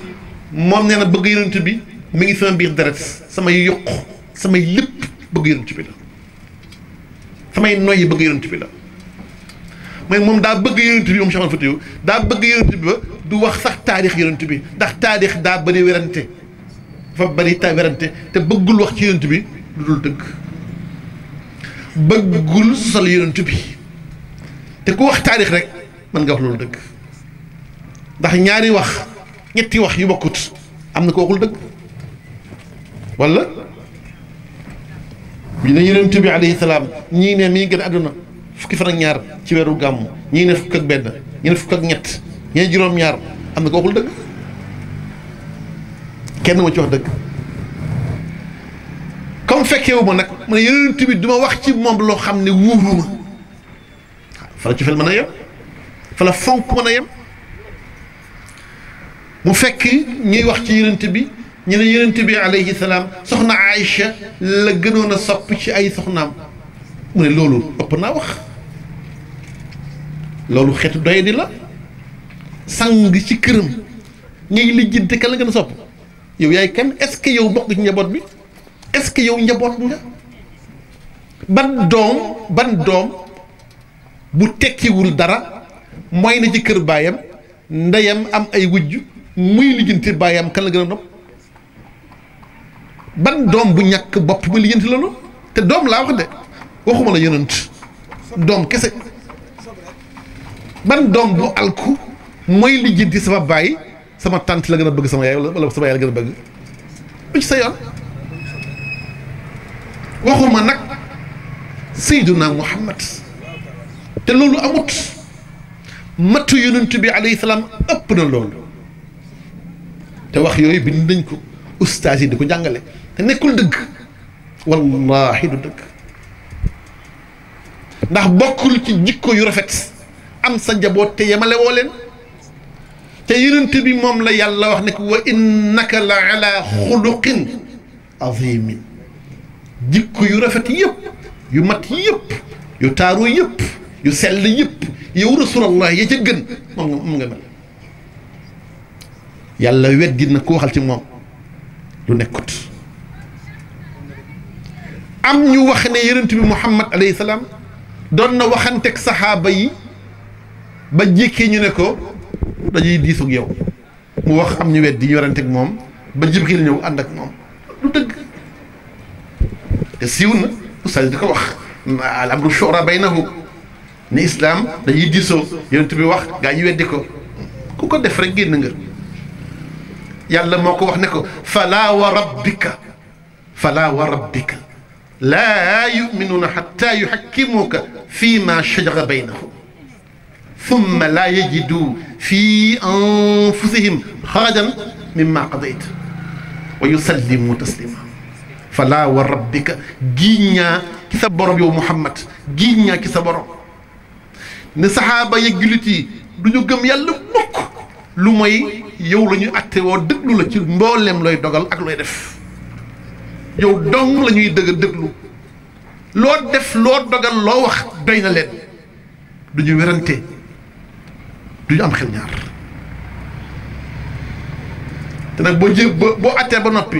moom nee na bëgg yonent bi mi ngi sama biir deret samay yokk samay lépp bëgg yonent bi la samay noyyi bëgg yonent bi la mooy moom daa bëgg yonent bi moom cheikh Umar Fuutiyu daa bëgg yonent bi ba du wax sax taarix yonent bi ndax taarix daa bëri werante dafa bëri ta werante te bëggul wax ci yonent bi lu dul dëgg bëggul sosal yonent bi te ku wax taarix rek mën nga wax loolu dëgg ndax ñaari wax ñetti wax yu bokkut am na ko waxul dëgg wala ñu ne yonent bi alayhi salaam ñii ne mi ngi gën àdduna fukki fan ñaar ci weeru gàmm ñii ne fukk ak benn ñii ne fukk ak ñett ñii juróom-ñaar am na ko waxul dëgg kenn ma ci wax dëgg fekkewuma nag man yonent bi duma wax ci moom loo xam ne wóoruma fa la ci fel mën a yem fa la fonk mën a yem mu fekk ñuy wax ci yonent bi ñu ne yonent bi alayhi salaam soxna Aïcha la gënoon a sopp ci ay soxnaam mu ne loolu ëpp naa wax loolu xeetu doy di la sang ci këram ñuy lijjante kan la gën a sopp yow yaay kan est-ce que yow bokk ci njaboot bi est-ce que yow njaboot nga ban doom ban doom bu tekkiwul dara mooy na ci kër baayam ndeyam am ay wujj muy lijjanti baayam kan la gën a nopp ban doom bu ñàkk bopp muy lijjanti loolu te doom laa wax de waxuma la yonent doom kese ban doom bu alku mooy lijjanti sama baay sama tante la gën a bëgg sama yaay wala sama yaay la gën a bëgg lu ci sa yoon waxuma nag sayduna muhammad te loolu amut matu yonent bi alayhi salaam ëpp na loolu te wax yooyu bind nañ ko ustaas yi di ko jàngale te nekkul dëgg wallahi du dëgg ndax bokkul ci jikko yu rafet am sa njaboot te yemale woo leen te yonent bi moom la yàlla wax ne ko wa innaka la ala xuluqin azimin jikko yu rafet yëpp yu mat yëpp yu taaru yëpp yu sell yëpp yow rasulallah ya ca gën moom nga moom nga mel yàlla wet gi na ko waxal ci moom lu nekkut am ñu wax ne yonent bi muhammad alayhi salaam doon na waxanteeg saxaaba yi ba jékkee ñu ne ko dañuy diisug yow mu wax am ñu wet di ñu waranteeg moom ba jibril ñëw ànd ak moom lu dëgg السيونة وصل دك وخ الأمر الشعرة بينه نيسلام نيديسو ينتبه وخ قايو يدكو كوكو دفرنجي ننجر يلا موكو وخ نكو فلا وربك فلا وربك لا يؤمنون حتى يحكموك فيما شجر بينهم ثم لا يجدوا في أنفسهم خرجا مما قضيت ويسلموا تسليما fala wa rabbika giiñ ñaa ci sa borom yow muhammad giiñ ñaa ci sa borom ne saxaaba ya jullit yi du ñu gëm yàlla mukk lu mooy yow la ñu atte woo déglu la ci mbooleem looy dogal ak looy def yow dong la ñuy dëgg déglu loo def loo dogal loo wax doy na leen du ñu werante du ñu am xel ñaar te nag boo jé boo attee ba noppi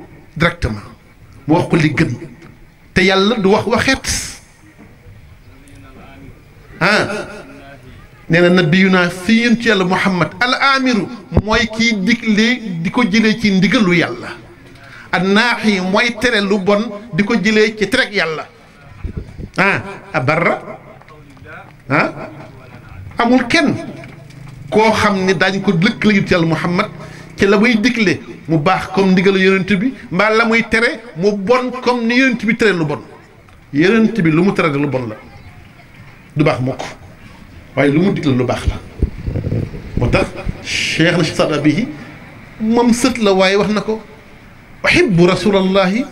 directement mu wax ko li gën te yàlla du wax waxeet ah nee na nabiyu naa fii yéen ci yàlla muhammad al amiru mooy kiy digle di ko jëlee ci ndiggalu yàlla ak naax yi mooy tere lu bon di ko jëlee ci tereg yàlla ah abarra ah amul kenn koo xam ni daañu ko lëkkale yit yàlla muhammad ci la muy digle mu baax comme ndigal yonent bi mba la muy tere mu bon comme ni yonent bi tere lu bon yonent bi lu mu tere lu bon la du baax moko waaye lu mu dit lu baax la motax cheikh al sada bihi moom sët la waaye wax nako احب رسول الله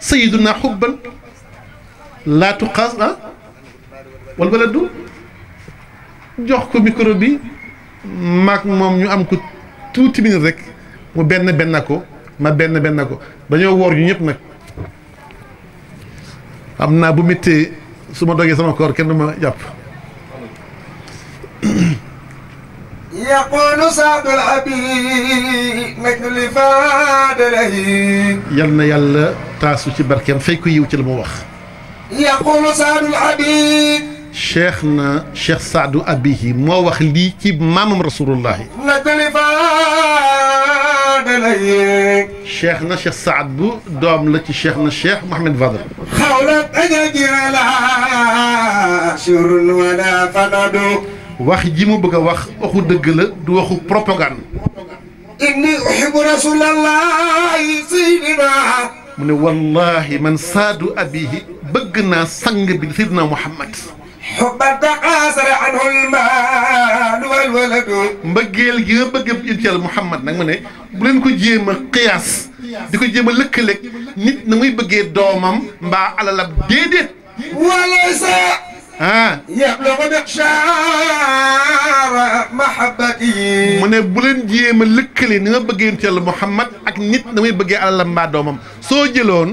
سيدنا حبا لا تقاس والبلد جوخكو baladu jox ko micro bi maag moom ñu am ko mu benn benn ko ma benn benn ko dañoo woor ñu ñëpp nag am naa bu méttee su ma dogee sama koor kenn du ma jàpp يقول سعد الحبيب مثل يلا تاسو تي بركم فيكو يو تي يقول سعد الحبيب شيخنا شيخ سعد أبيه موخ لي كي رسول الله مثل دليك شيخ نشيخ سعد بو دوم لتي شيخ نشيخ محمد فضل خولت أجدي لها شر ولا فلد wax ji mu bëgg a wax waxu dëgg la du waxu propagande inni uhibbu rasulallahi sayyidina mu ne wallahi man saadu abihi bëgg naa sang bi sayyidina muhammad xubban taqaasara anhu almaal wal waladu mbëggeel gi nga bëgg yéen ci yàlla Muhammad nag ne bu leen ko jéem a xiyaas di ko jéem a lëkkaleeg nit na muy bëggee doomam mbaa alalab déedéet wala sa ah yablugu miqdaara mahabbati mu ne bu leen jéem a lëkkale ni nga bëggee ci yàlla Muhammad ak nit na muy bëggee alalam mbaa doomam soo jëloon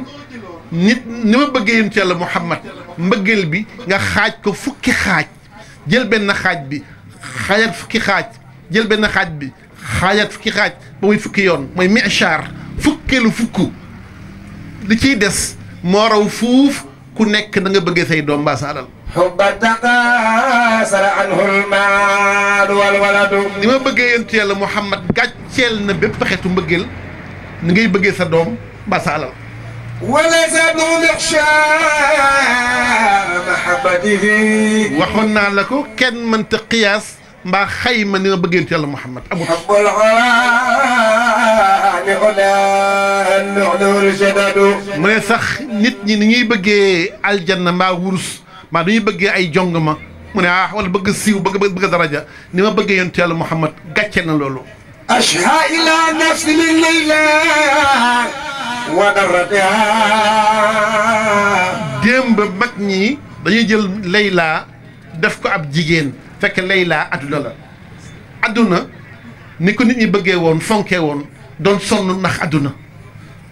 nit ni ma bëggee ci yàlla Muhammad mbeugel bi nga xaj ko fukki xaj jël ben xaj bi xaajat fukki xaj jël ben xaj bi xaajat fukki xaj bo muy fukki yoon moy mi'shar fukkelu fukku li ci dess mo raw fuuf ku nek da nga bëggee say dom ba salal sara doom mbaa wal alal ni ma bëggee yent yalla Muhammad gatchel na bepp xetu mbeugel ni ngay bëggee sa dom ba salal ولزم مخشى wax waxoon naa la ko kenn mënta qiyaas mbaa xayma ni ma bëggante yàlla Mouhamed amul. mu ne sax nit ñi ni ñuy bëggee aljanna mbaa wurus mbaa du ñuy bëggee ay jong ma mu ne ah wala bëgg siiw bëgg bëgg daraja ni ma bëggee yonent yàlla Mouhamed gàcce na loolu. أشهى إلى نفس الليلة ودرتها ديم بمكني داني جيل ليلى داف جيجين فك ليلى ادونا لا ادونا نيكو نيت ني بيغي وون فونكي وون دون سون نخ ادونا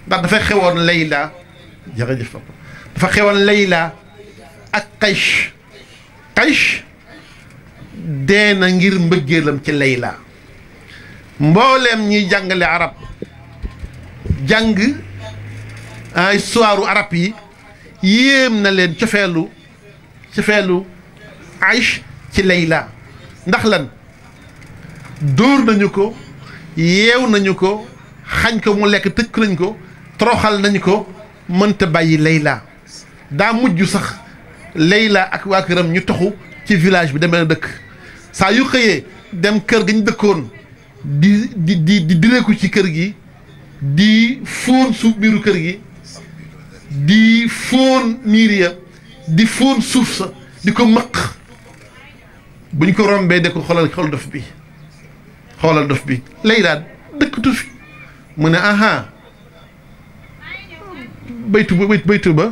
دا دا فا خيوون ليلى جاري جف دا فا خيوون ليلى اك قيش قيش دينا غير مبيغي لام سي mbooleem ñiy jàngale arab jàng ay ah, arab yi yéem na leen cofeelu cofeelu Aïch ci Layla ndax lan dóor nañu ko yeew nañu ko xañ ko mu lekk tëj nañ ko toroxal nañu ko mënta bàyyi Layla daa mujj sax Layla ak waa këram ñu toxu ci village bi demee na dëkk saa yu xëyee dem kër gi ñu dëkkoon. di di di di direeku ci kër gi di fóon suuf biiru kër gi di fóon miir ya di fóon suuf sa di ko maq bu ñu ko rombee de ko xoolal xool dof bi xoolal dof bi lay daal dëkkatu fi mu ne aha baytu ba baytu ba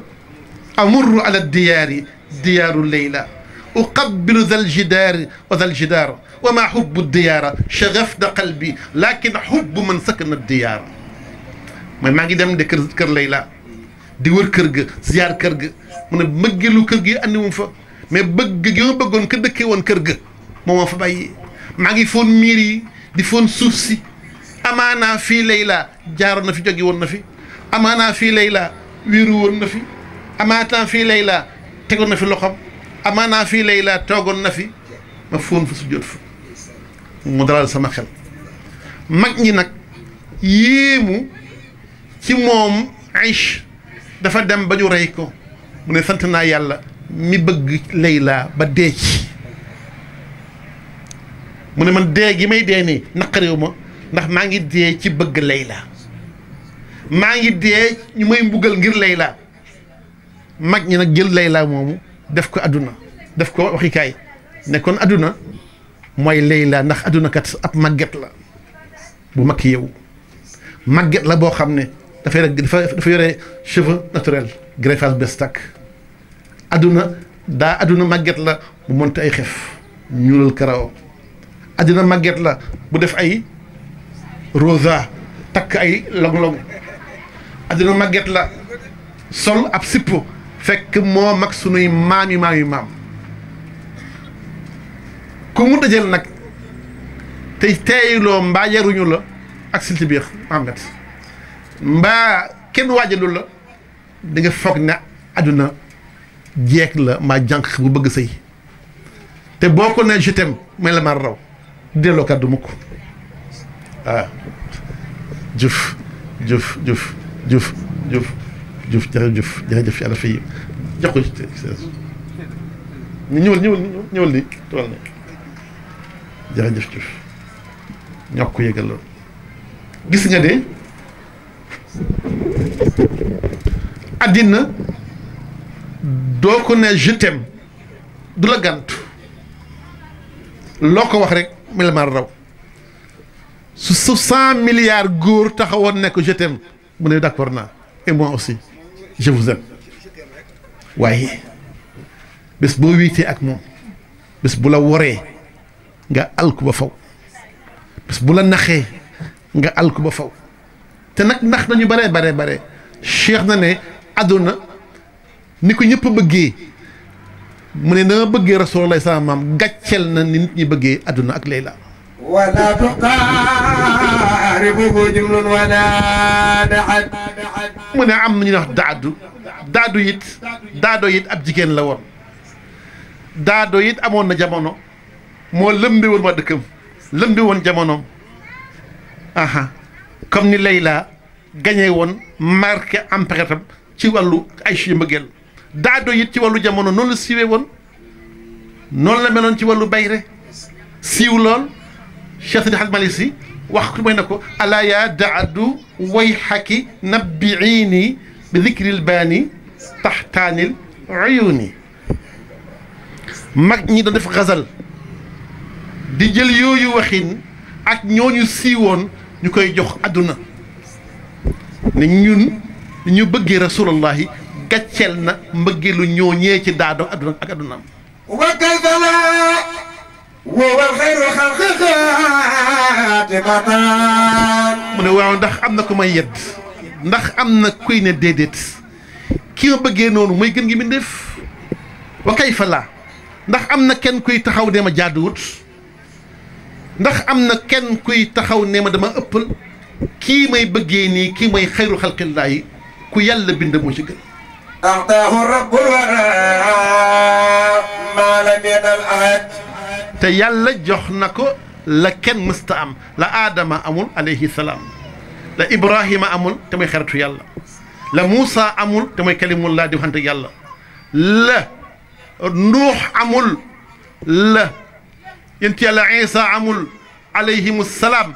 amurru ala diyaari diyaaru layla uqabbilu zal jidaar wa zal jidaar وما حب الديارة شغفنا قلبي لكن حب من سكن الديارة man maa ngi dem de kër kër Layla di wër kër ga ziar kër ga mu ne bëggeelu kër gi andiwum fa mais bëgg gi ma bëggoon ka dëkkee woon kër ga moo ma fa bàyyi maa ngi foon miir yi di foon suuf si amaanaa fii Layla jaaroon na fi jóge woon na fi amaanaa fii Layla wéeru woon na fi amaataa fii Layla tegoon na fi loxoom amaanaa fii Layla toogoon na fi ma foon fa su jot fa mu dalal sama xel mag ñi nag yéemu ci moom Aïch dafa dem ba ñu rey ko mu ne sant naa yàlla mi bëgg Layla ba dee ci mu ne man dee gi may dee nii naqariw ma ndax maa ngi dee ci bëgg Layla maa ngi dee ñu may mbugal ngir Layla mag ñi nag jël laylaa moomu def ko àdduna def ko waxikaay ne kon àdduna moy leyla ndax aduna kat ab màgget la bu mak yow màgget la xamne da fay rek da fay yore cheveux naturel greffage bestak aduna da aduna màgget la bu monte ay xef ñuulal karaw aduna màgget la bu def ay rosa tak ay long-long aduna màgget la sol ab sipu fek mo mak sunuy mami mami maam ku mu dajal nag te teeyiloo mbaa yaruñu la ak silti biir Muhammad mbaa kenn waajalu la da nga foog àdduna jeeg la ma jànq bu bëgg sëy te boo ko ne je t'aime may la ma raw delloo kàddu mukk waaw ah. jëf jëf jëf jëf jëf jëf jërëjëf jërëjëf yàlla fii jox ko ñu ñëwal ñëwal ñëwal li tool na jërëjëf Diouf ñoo a yëgal gis nga de àddina doo ko ne je t'aime du la gant. loo wax rek raw su milliards góor taxawoon ko je t'aime mu ne d'accord et moi aussi je vous aime Oui. bés boo wiitee ak moom bés bu la nga alku ba faw parce bu la naxee nga alku ba faw te nag nax nañu bare bare bare cheikh na ne àdduna ni ko ñëpp bëggee mu ne na bëggee rasulullah sama maam gàcceel na ni nit ñi bëggee àdduna ak layla ولا تقاربه جمل ولا دعد من عم ني دعدو دعدو يت دعدو يت اب جيكين لا وون دعدو يت امون جامونو moo lëmbi woon waa dëkkam lëmbi woon jamonoom aha comme ni Layla gañee woon marqué empreinte am ci wàllu ay yu mbëggeel daado it ci wàllu jamono noonu la siiwee woon noonu la meloon ci wàllu bayre siiw lool Cheikh Sidi Hadj Malick Sy wax mooy na ko alaa yaa daadu way xaki nabbiini bi dikril baani taxtaanil uyuuni mag ñi doon def xasal di jël yooyu waxin ak ñooñu siiwoon ñu koy jox àdduna ne ñun ñu bëggee rasulallahi gàcceel na mbëggeelu ñooñee ci daadoo àdduna ak àddunaam mu ne waaw ndax am na ku may yedd ndax am na kuy ne déedéet ki ma bëggee noonu mooy gën gi mbindéef wa kay fa ndax am na kenn kuy taxaw dema jaaduwut ndax am na kenn kuy taxaw ne ma dama ëppal kii may bëggee nii kii may xayru xalqillaahi ku yàlla bind moo ci gën axtaahu rabbul wara maa lam yanal ahad te yàlla jox na ko la kenn mësta am la aadama amul alayhi salaam la ibrahima amul te mooy xaritu yàlla la muusa amul te mooy kalimullaa di waxante yàlla la nuux amul la ينت يلا عيسى عمل عليهم السلام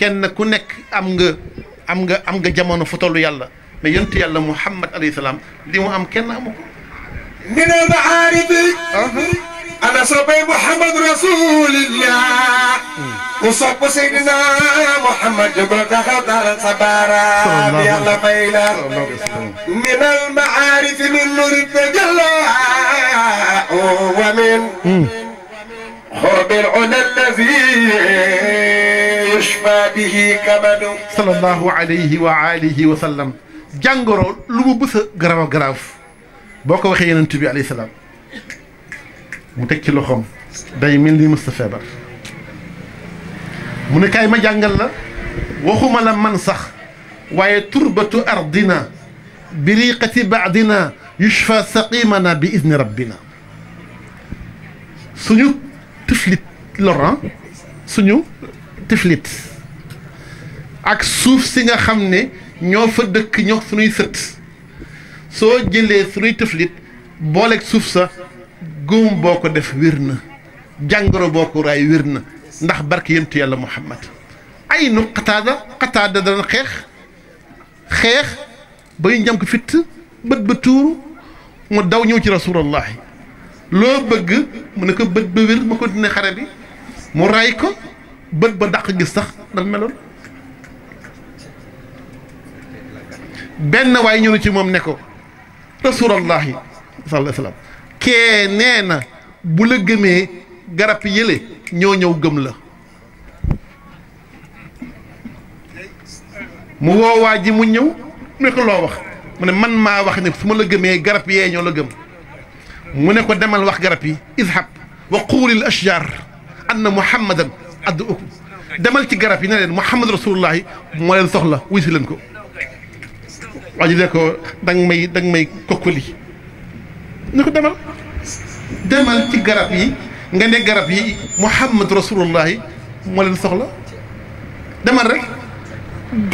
كن كنك أمغ أمغ أمغ جمعنا فتولو يلا ما ينت يلا محمد عليه السلام دي أم كن أمغ من المعارف أنا صبي محمد رسول الله وصب سيدنا محمد جبرتها دار صبارا يلا بيلا من المعارف من نور التجلى ومن خرب العلا الذي يشفى به كمد صلى الله عليه وآله وسلم جانغرو لو بوس غراو غراو بوكو وخي يننت بي عليه السلام مو تكي لوخوم داي ملني مستفبر مو نكاي ما جانغال لا waxuma la man sax waaye turbatu ardina biriqati ba'dina yushfa saqimana biidni rabbina suñu tiflit Laurent suñu tiflit ak suuf si nga xam ne ñoo fa dëkk ñoo suñuy sët soo jëlee suñuy tiflit booleeg suuf sa góom boo ko def wér na jàngoro boo ko raay wér na ndax barke yëntu yàlla Muhammad ay nu xataada xataada dana xeex xeex ba ñu ko fitt bët ba tuuru mu daw ñëw ci rasuulallahi loo bëgg mu ne ko bët ba wér ma continué xare bi mu ray ko bët ba dàq gis sax daf meloon benn waay ñëw ci moom ne ko rasulallahi sallallahu alayhi wasallam kee nee na bu la gëmee garab yële ñoo ñëw gëm la mu woowaa ji mu ñëw mu ne ko loo wax mu ne man maa wax ne su ma la gëmee garab yee ñoo la gëm منكو دمال واخ غرابي اذهب وقول الاشجار ان محمدا ادؤكم دمالتي غرابي نالين محمد رسول الله مولين سخلا ويسلنكو وادي ديكو داغ مي داغ مي كوكولي نكو دمال دمالتي غرابي غاندي غرابي محمد رسول الله مولين سخلا دمال رك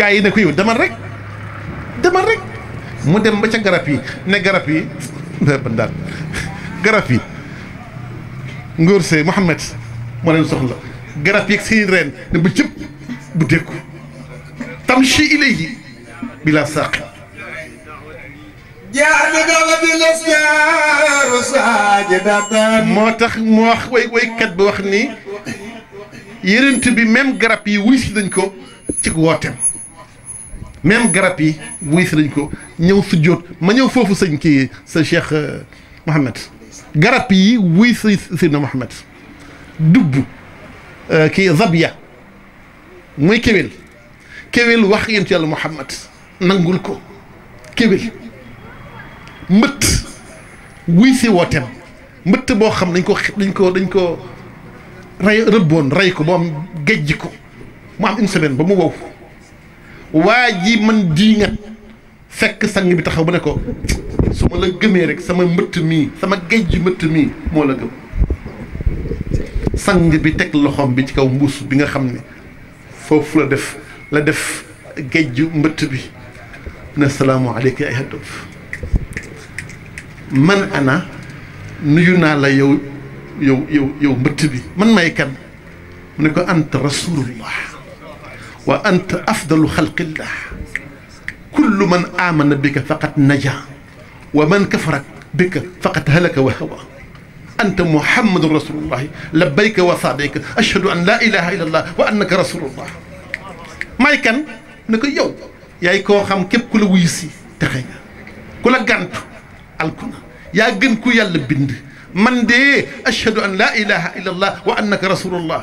غاي نكو يو دمال رك دمال رك مو دم با تي غرابي ني daal garab yi Ngor Seye Mouhamed moo leen soxla garab yeeg seen reen ne ba cëpp bu dékku tamshi ilayhi bila saaqi moo tax mu wax way waykat bi wax ni yërënt bi même garab yi wuy si dañ ko ci wooteem même garab yi wuysi nañ ko ñëw sujjóot ma ñëw foofu sëñ kii sa cheikh euh, Mouhamed garab yi wuy si sidna Mouhamed dubb euh, kii zabia muy kéwél kéwél wax yent yàlla Mouhamed nangul ko kéwél mbëtt wuy si wooteem mbëtt boo xam dañ ko ko dañ ko rey rëbboon rey ko ba gejj ko mu am une semaine ba mu wow waa ji man dii nga fekk sang bi taxaw ba ne ko su ma la gëmee rek sama mbëtt mii sama géej mbëtt mii moo la gëm sang bi teg loxoom bi ci kaw mbuus bi nga xam ne foofu la def la def gejj mbëtt bi na salaamu aleyka ay haddab man ana nuyu naa la yow yow yow mbëtt bi man may kan mu ne ko ant rasulullah وأنت أفضل خلق الله كل من آمن بك فقد نجا ومن كفر بك فقد هلك وهوى أنت محمد رسول الله لبيك وصابيك أشهد أن لا إله إلا الله وأنك رسول الله مايكن نكو يو ياي كو خام كيب كول ويسي تخيا كولا غانت الكونا يا غن كو يالا من دي اشهد ان لا اله الا الله وانك رسول الله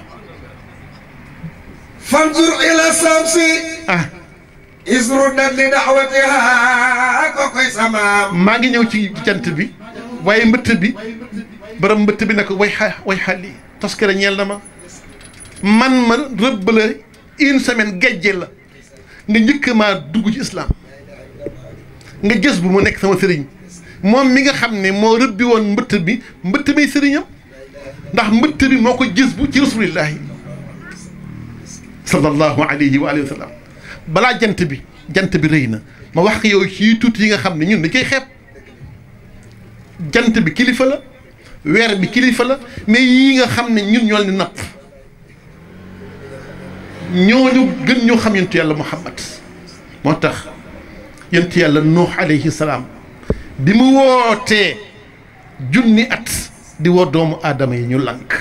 fanzur ila samsi ah isru dat li daxwatiha ko koy samaam maa ngi ñëw ci jant bi waaye mbëtt bi borom mbëtt bi ne ko way xa way xali toskere ñeel na ma man ma rëbb la une semaine gejje la nga njëkk maa dugg ci islaam nga gës bu mu nekk sama sëriñ moom mi nga xam ne moo rëbbi woon mbëtt bi mbëtt bi sëriñam ndax mbëtt bi moo ko gës bu ci rasulillahi sallallahu alayhi wa sallam balaa jant bi jant bi rëy na ma wax ko yow ci tuuti yi nga xam ne ñun dañ koy xeeb jant bi kilifa la weer bi kilifa la mais yii nga xam ne ñun ñoo leen napp ñooñu gën ñoo xam yontu yàlla muhammad moo tax yontu yàlla nuux alayhi salaam bi mu wootee junni at di woo doomu aadama yi ñu lànk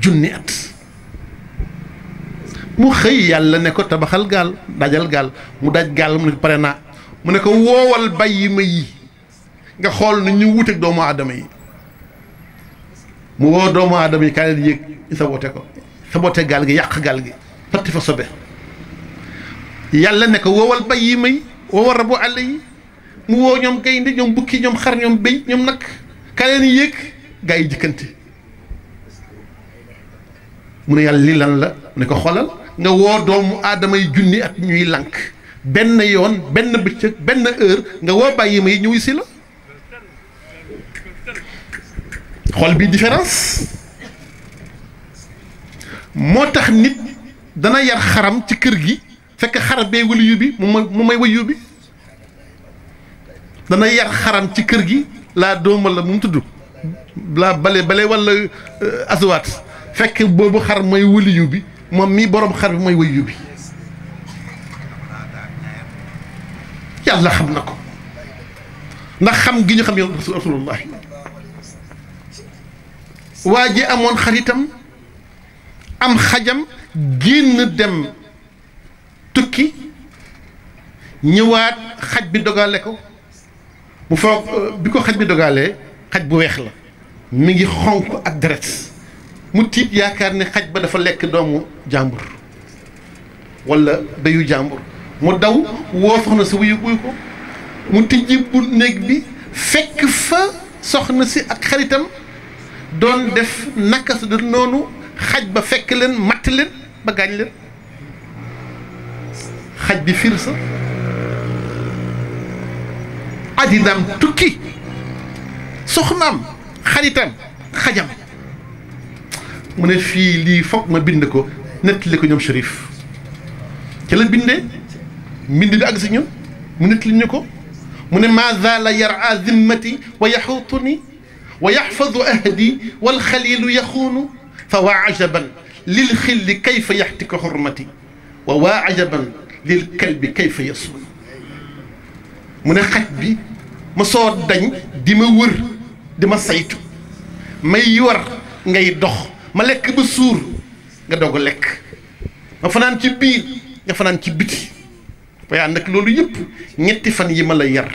junni at mu xëy yàlla ne ko tabaxal gaal dajal gaal mu daj gaal mu ne ko pare naa mu ne ko woowal bàyyi ma yi nga xool na ñu wuteeg doomu aadama yi mu woo doomu aadama yi kaay leen yéeg sabote ko sabote gaal gi yàq gaal gi patti fa sobe yàlla ne ko woowal bàyyi ma yi woowal rabu àll yi mu woo ñoom gaynde ñoom bukki ñoom xar ñoom béy ñoom nag kaay leen yéeg gaa yi jëkkante mu ne yàlla lii lan la ne ko xoolal nga woor doomu aadama yi junni at ñuy lank benn yoon benn bëccëg benn heure nga woo bàyyi ma yi ñëw si la xool bi différence moo tax nit dana yar xaram ci kër gi fekk xar bee waliyu bi mu may mu may wayu bi dana yar xaram ci kër gi laa doom wala mu mu tudd laa bale bale wala euh, asuwaat fekk boobu xar mooy waliyu bi moom mii borom xar bi mooy wëyyu bi yàlla xam na ko ndax xam gi ñu xam yoon rasulullah waa ji amoon xaritam am xajam génn dem tukki ñëwaat xaj bi dogale ko mu foog bi ko xaj bi dogalee xaj bu weex la mi ngi xonk ak deret mu tiit yaakaar ne xaj ba dafa lekk doomu jàmbur wala béyu jàmbur mu daw woo soxna si wuyu buy ko mu tijji bu néeg bi fekk fa soxna si ak xaritam doon def naka su dul noonu xaj ba fekk leen matt leen ba gaañ leen xaj bi fiir sa addinaam tukki soxnaam xaritam xajam mu ne fii lii foog ma bind ko nettali ko ñoom Cherif ci la bindee mbind bi àgg si ñun mu nettali ñu ko mu ne maa zaala yara zimmati wa yaxuutuni wa yaxfadu ahdi wal xaliilu yaxuunu fa waa ajaban lil xilli kayfa yaxtiku xurmati wa waa ajaban lil kalbi kayfa yasuun mu ne xaj bi ma soo dañ di ma wër di ma saytu may yor ngay dox ma lekk ba suur nga doog a lekk ma fanaan ci biir nga fanaan ci biti waaye nag loolu yëpp ñetti fan yi ma la yar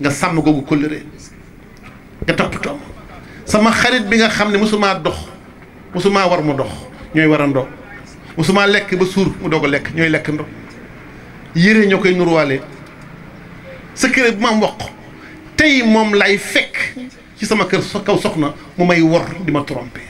nga sàmm googu kóllëre nga toppatoo ma sama xarit bi nga xam ne mosumaa dox mosumaa war mu dox ñooy war a warandoo mosumaa lekk ba suur mu doog a lekk ñooy lekk ndo yére ñoo koy nuruwaale sa kër bu ma am tey moom lay fekk ci sama kër kaw soxna mu may wor di ma trompé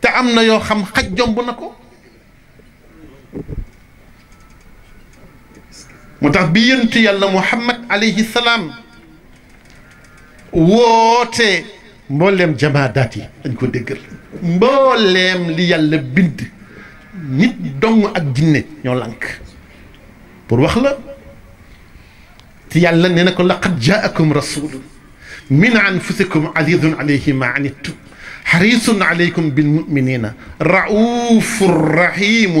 te am na yoo xam xaj jomb na ko moo tax bi yënt yàlla muhammad alayhi salaam woote mbooleem jamaadaat yi dañ ko déggal mbooleem li yàlla bind nit dong ak jinne ñoo lànk pour wax la te yàlla nee na ko laqad jaakum rasul min anfusikum azizun alayhi ma anittum حريص عليكم بالمؤمنين رؤوف رحيم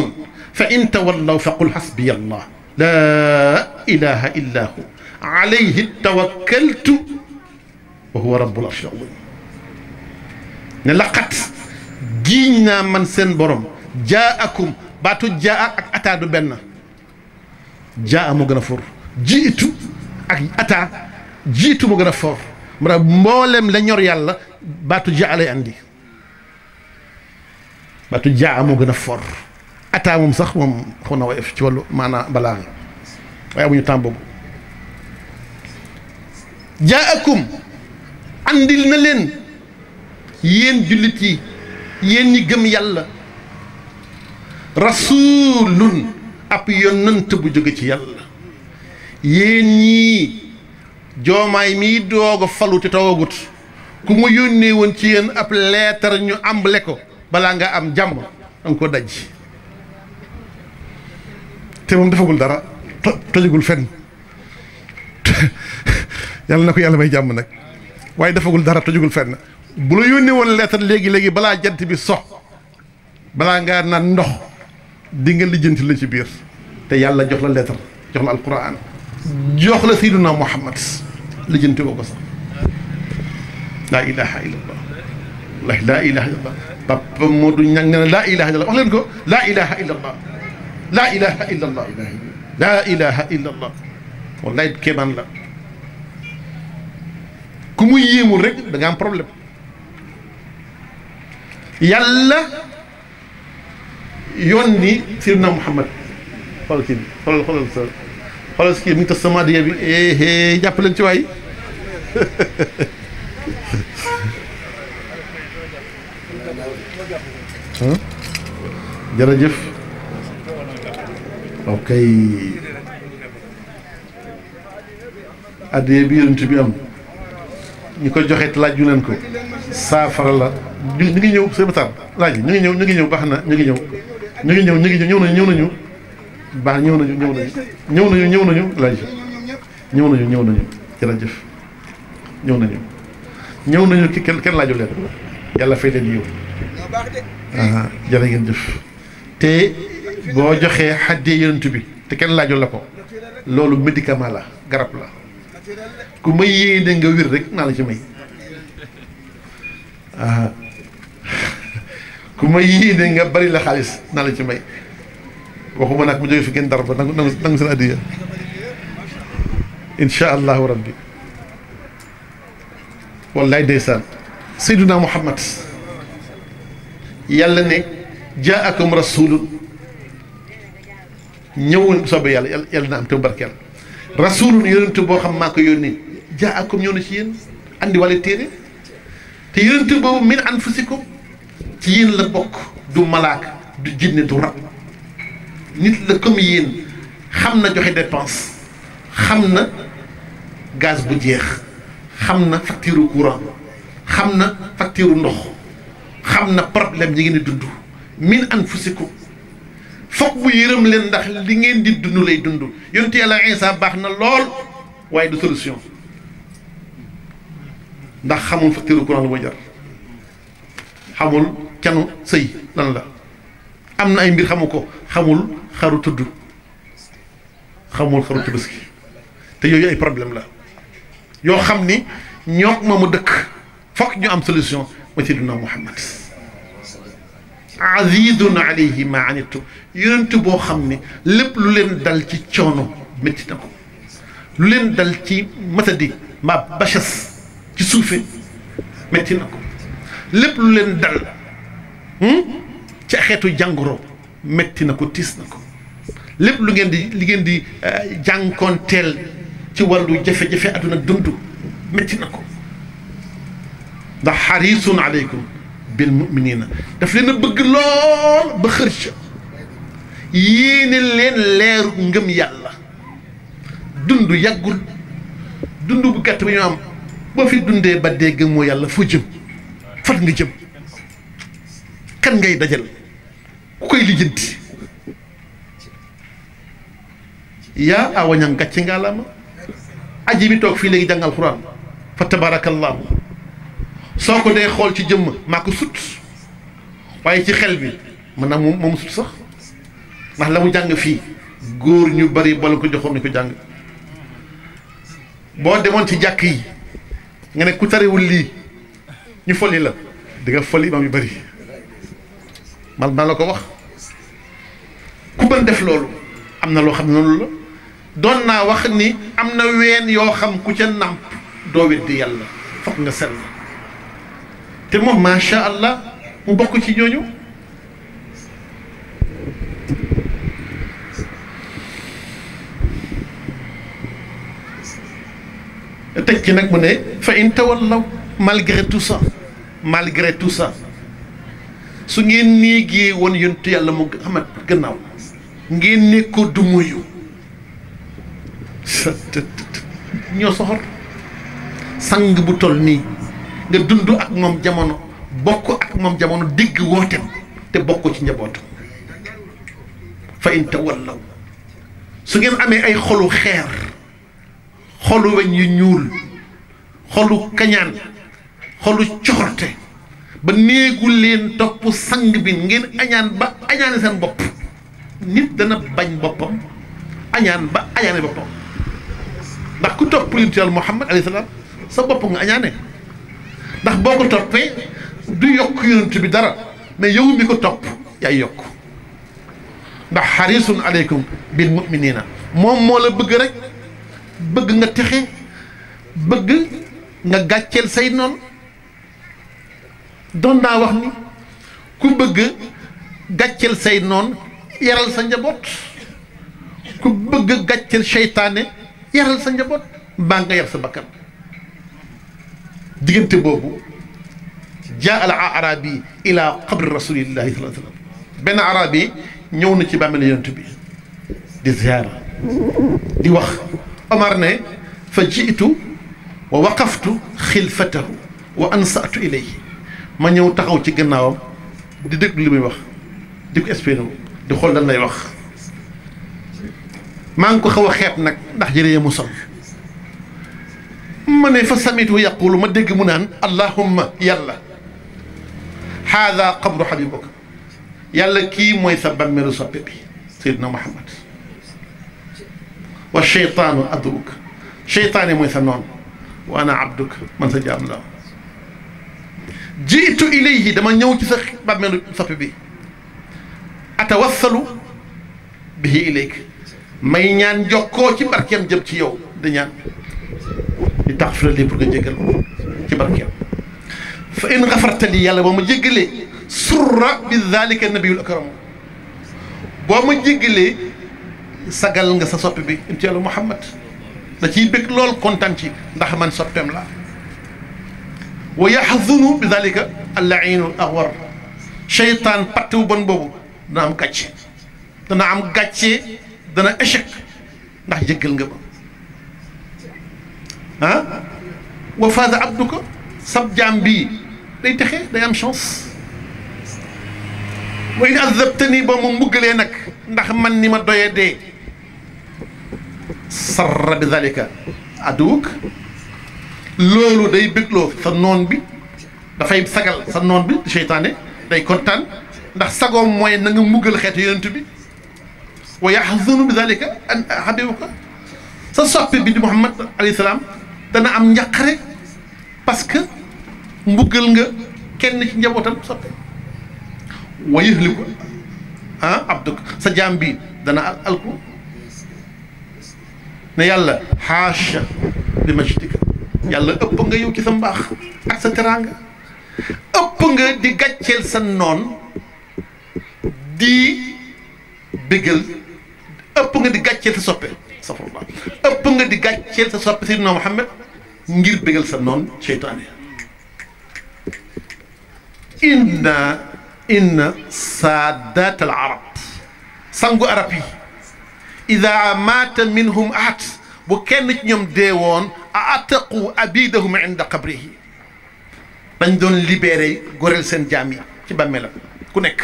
فإن تولوا فقل حسبي الله لا إله إلا هو عليه توكلت وهو رب العرش العظيم نلقت جينا من سن بروم جاءكم باتو جاء أتا بنا جاء مغنفور جيتو أتا جئت مغنفور مرا مولم لنور يالله baatu jaa lay andi baatu jaa moo gën a for ataa moom sax moom xaw na woyof ci wàllu maanaam balaa nga waaye amuñu temps boobu jaakum andil na leen yéen jullit yi yéen ñi gëm yàlla rasulun ab yonant bu jóge ci yàlla yéen ñii joomaay mii doog a falu te toogut ku mu yónnee woon ci yéen ab leetar ñu àmbale ko balaa nga am jàmm danga ko daj te moom defagul dara tojagul fenn yàlla na ko yàlla may jàmm nag waaye defagul dara tojagul fenn bu la yónnee woon leetar léegi-léegi balaa jant bi so balaa nga naan ndox di nga lijjanti la ci biir te yàlla jox la leetar jox la alquran jox la sayyiduna muhammad lijjanti ko sax la ilaha illallah wallahi la ilaha illallah ba modu ñang na la ilaha illallah wax len ko la ilaha illallah la ilaha illallah la ilaha illallah wallahi ke man la ku muy yemul rek da nga am problème yalla yoni sirna muhammad xol ci xol xol sa xol ci mi ta sama diya bi eh eh japp len ci way Hmm? jërëjëf ok addee bi yonent bi am ñu ko joxe laaj ju leen ko saafara la ñu ñu ngi ñëw seen bataan laaj ñu ngi ñëw ñu ngi ñëw baax na ñu ngi ñëw ñu ngi ñëw ñu ngi ñëw ñëw nañu ñëw nañu baax ñëw nañu ñëw nañu ñëw nañu ñëw nañu laaj ñëw nañu ñëw nañu jërëjëf ñëw nañu ñëw nañu ki kenn kenn laajul leen yàlla fay leen yiw jërë ngeen jëf te boo joxee xaddee yonent bi te kenn laaju la ko loolu médicament la garab la ku may yéene nga wér rek naa la ci may ku may yéene nga bari la xaalis naa la ci may waxuma nag mu jóge fi ngeen dara ba nangu nangu seen addiya insha allahu rabbi والله ديسان سيدنا محمد يلا ني جاءكم رسول نيو صوب يلا يلا نام تبركل رسول يونت بو خم ماكو يوني جاءكم يوني سين عندي ولي تيري تي يونت بو من انفسكم تيين لا بوك دو ملاك دو جين دو رب نيت لا كوم يين خمنا جوخي ديبانس خمنا غاز بو جيخ xam na facture xam na facture ndox xam na problème yi ngeen di dund min anfusikum foog mu yërëm leen ndax li ngeen di dund lay dund yonent yàlla Isa baax na lool waaye du solution ndax xamul facture courant lu ma jar xamul canu sëy lan la am na ay mbir xamu ko xamul xaru tudd xamul xaru tabaski te yooyu ay problème la yoo xam ni ñoom moomu dëkk fokk ñu am solution mooy Seydina Muhammad azizun alayhi ma anittu yonent boo xam ne lépp lu leen dal ci coono métti na ko lu leen dal ci matadi ma bachas ci suufe métti na ko lépp lu leen dal ci xeetu jàngoro métti na ko tiis na ko lépp lu ngeen di li ngeen di jànkoonteel ci wàllu jafe-jafe àdduna dund métti na ko ndax xarisun aleykum bil muminina daf leen a bëgg lool ba xërca yéene leen leeru ngëm yàlla dund yàggul dund bu gàtt bi ñu am boo fi dundee ba dee yàlla foo jëm fot nga jëm kan ngay dajal ku koy lijjanti yaa awañan gàcce ngaalama aji bi toog fii léegi jàng alxuraan fa tabaarakallaahu soo ko dee xool ci jëmm maa ko sut waaye ci xel bi mën naa moom moom sut sax ndax la mu jàng fii góor ñu bari bala ko joxoon ni ko jàng boo demoon ci jàkk yi nga ne ku tarewul lii ñu folli la di nga folli imaam yu bari man maa la ko wax ku mën def loolu am na loo xam ne noonu la doon naa wax ni am na ween yoo xam ku ca nàmp doo weddi yàlla foog nga sell te moom macha allah mu bokk ci ñooñu teg ci nag mu ne fa in tawallaw malgré tout su ngeen néegee woon yontu yàlla mu xamat gannaaw ngeen ne ko du muyu ñoo soxor sang bu toll ni nga dundu ak mom jamono bokku ak mom jamono digg wootem te bokku ci njabot fa in tawallaw su ngeen amé ay xolu xeer xolu wagn yu ñuul xolu kañaan xolu coxorte ba neegul leen top sang bi ngeen añaan ba añaan seen bop nit dana bañ bopam añaan ba añaane bopam ndax ku top yonent Muhammad alayhi salam sa bop nga añaane ndax boko top, du yok yonent bi dara mais yow mi ko top ya yok ndax harisun alaykum bil muminina mom mo la bëgg rek bëgg nga texe bëgg nga gatchel say non don da wax ni ku bëgg gatchel say non yaral sa njabot ku bëgg gatchel shaytané yaral sa njaboot mbaa nga yar sa bakkan diggante boobu jaa al arabi ila qabri rasulillahi sallallahu alayhi wa sallam benn arabi yi ñëw na ci bàmmeelu yonent bi di ziyaara di wax Omar ne fa jiitu wa waqaftu xilfatahu wa ansatu ilayhi ma ñëw taxaw ci gannaawam di déglu li muy wax di ko espérer di xool lan lay wax مانكو خوا خيب نك داخ جيري موسل مني فسميت ويقول ما دغ منان اللهم يلا هذا قبر حبيبك يلا كي موي سبب ميرو سبيبي سيدنا محمد والشيطان ادوك شيطان موي سنون وانا عبدك من سجام الله جئت اليه دما نيو سبب ميرو سبيبي اتوصل به اليك may ñaan jox ko ci barkem jëm ci yow di ñaan di tax li la pour nga jégal ci barkem fa in ghafarta li yalla bo ma jégalee surra bi zalika nabiyul akram bo ma jégalee sagal nga sa soppi bi ci yàlla muhammad da ci bëgg lool kontan ci ndax man soppem la wa yahzunu bi zalika al la'in al aghwar shaytan patu bon bobu dana am gàcce dana am gatché دنا اشك ناه جيغل نغا ها وفاز عبدك سب جامبي داي تخي داي ام شانس وين عذبتني با مو مغلي نك ناه من نيما دوي دي سر بذلك ادوك لولو داي بيكلو سا نون بي دا فاي سغال سا نون بي شيطاني داي كونتان ناه ساغو موي نغا مغل خيت يونتبي wa yaxzunu bi sa soppe bi di Muhammad alayhi salaam dana am njaqare parce que mbuggal nga kenn ci njabootam soppe wa yuhliku ah abduk sa jaam bi dana alku ne yàlla xaasha bi majdika yàlla ëpp nga yow ci sa mbaax ak sa teraanga ëpp nga di gàcceel sa noon di bégal ëpp nga di gàcceel sa soppe safurullah ëpp nga di gàcceel sa soppe Seydina Muhammad ngir bégal sa noon seytaane inna inna saadaat al arab sangu arab yi ida maata minhum aat bu kenn ci ñoom dee woon a ataqu abidahum inda qabrihi dañ doon libéré goreel seen jaam yi ci bàmmeelam ku nekk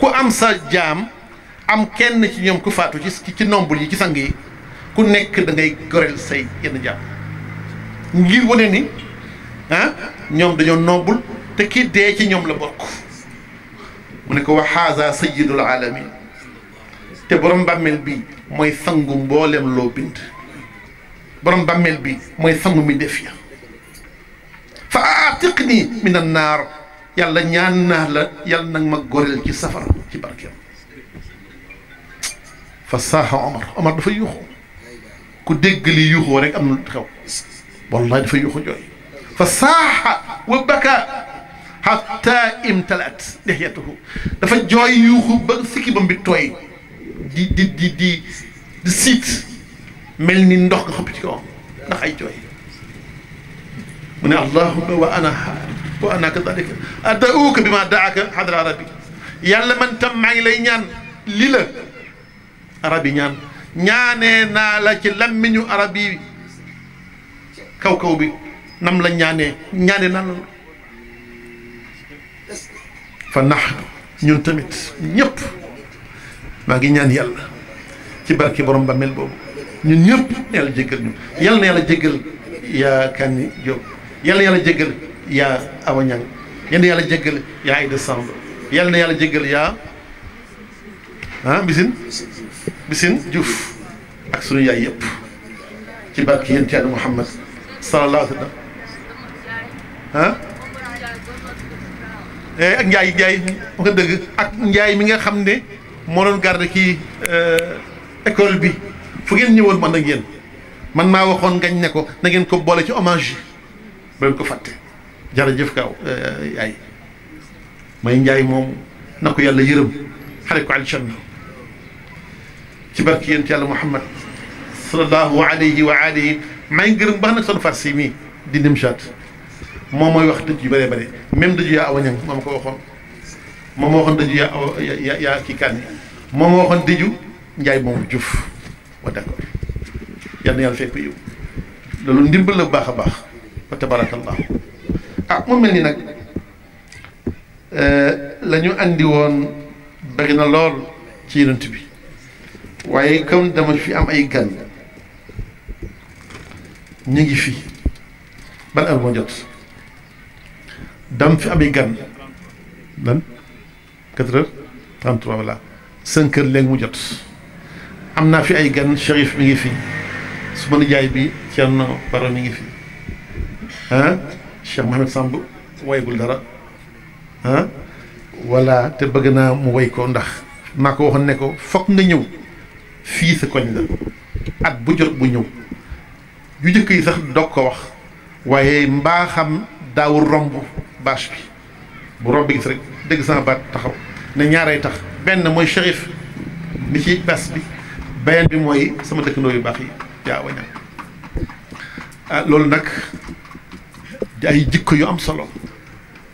ku am sa jaam am kenn ci ñoom ku faatu ci ci nombul yi ci sang yi ku nekk dangay ngay goreel say yenn jàmm ngir wane ni ah ñoom dañoo nombul te ki ci ñoom la bokk mu ne ko wa haza sayyidul alamin te borom bàmmeel bi mooy sangu mboolem loo bind borom bàmmeel bi mooy sangu mi def ya fa aatiq nii min an naar yàlla ñaan la yàlla na ma goreel ci safar ci barkeem فالصاح عمر عمر دا فاي يخو كو ديغ لي يخو رك امنا خاو والله دا فاي يخو جوي فالصاح وبكى حتى امتلأت لحيته دا فاي جوي يخو بغ سيكي بام توي دي دي دي دي دي دي سيت ملني ندوخ خبتي كو دا خاي جوي من اللهم وانا وانا كذلك ادعوك بما دعاك حضر ربي يلا من تم لي نيان ليلا arab yi ñaan ñaanee naa la ci lammiñu arab yi kaw kaw bi nam la ñaane ñaanee naa la fa nax ñun tamit ñëpp maa ngi ñaan yàlla ci barke borom bàmmeel boobu ñun ñëpp yàlla jéggal ñu yàlla na yàlla jéggal yaa Kani Diop yàlla na yàlla jéggal yaa Awa yàlla yàlla jéggal yaa Aïda Samb yàlla yàlla jéggal yaa ah, bisin Bisin Diouf ak suñu yaay yëpp ci barke yéen Thierno Mouhamed sallallahu alayhi wa sallam ah. ak Ndiaye Ndiaye mu nga dëgg ak njaay mi nga xam ne moo doon garde kii euh, école bi fu ngeen ñëwoon man a yéen man maa waxoon ngañ ne ko na ngeen ko boole ci hommage yi ba ko fàtte jërëjëf kaw euh, yaay may Ndiaye moom na ko yàlla yërëm xale ko aljanna ci barki yent muhammad sallallahu alayhi wa alihi maa ngi gërëm baax nag farsi mii di nimchat moom mooy wax dëj yu bëree bëri même dëju yaa awa ñang moom ko waxoon moom moo waxoon dëju yaa awa yaa kii kànni moom moo waxoon dëju njaay moom juuf wa d'accord yal na fekk wa ah eh, andi won bari na lool ci bi waaye comme dama fi am ay gan ñu ngi fi ban heure moo jot dam fi am ay gan lan quatre heures trente trois voilà cinq heures léegi mu jot am naa fi ay gan Chérif mi ngi fi suma nijaay bi Thierno Baro mi ngi fi ah Cheikh Mohamed Samb woygul dara ah voilà te bëgg naa mu woy ko ndax maa ko waxoon ne ko foog nga ñëw fii sa koñ la at bu jot bu ñëw yu njëkk yi sax doog ko wax waaye mbaa daawul romb bâche bi bu romb gis rek dégg sama baat taxaw ne ñaaree tax benn mooy shérif ni ci bas bi beneen bi mooy sama dëkkandoo yu baax yi jaaw añam ah loolu nag di ay jikko yu am solo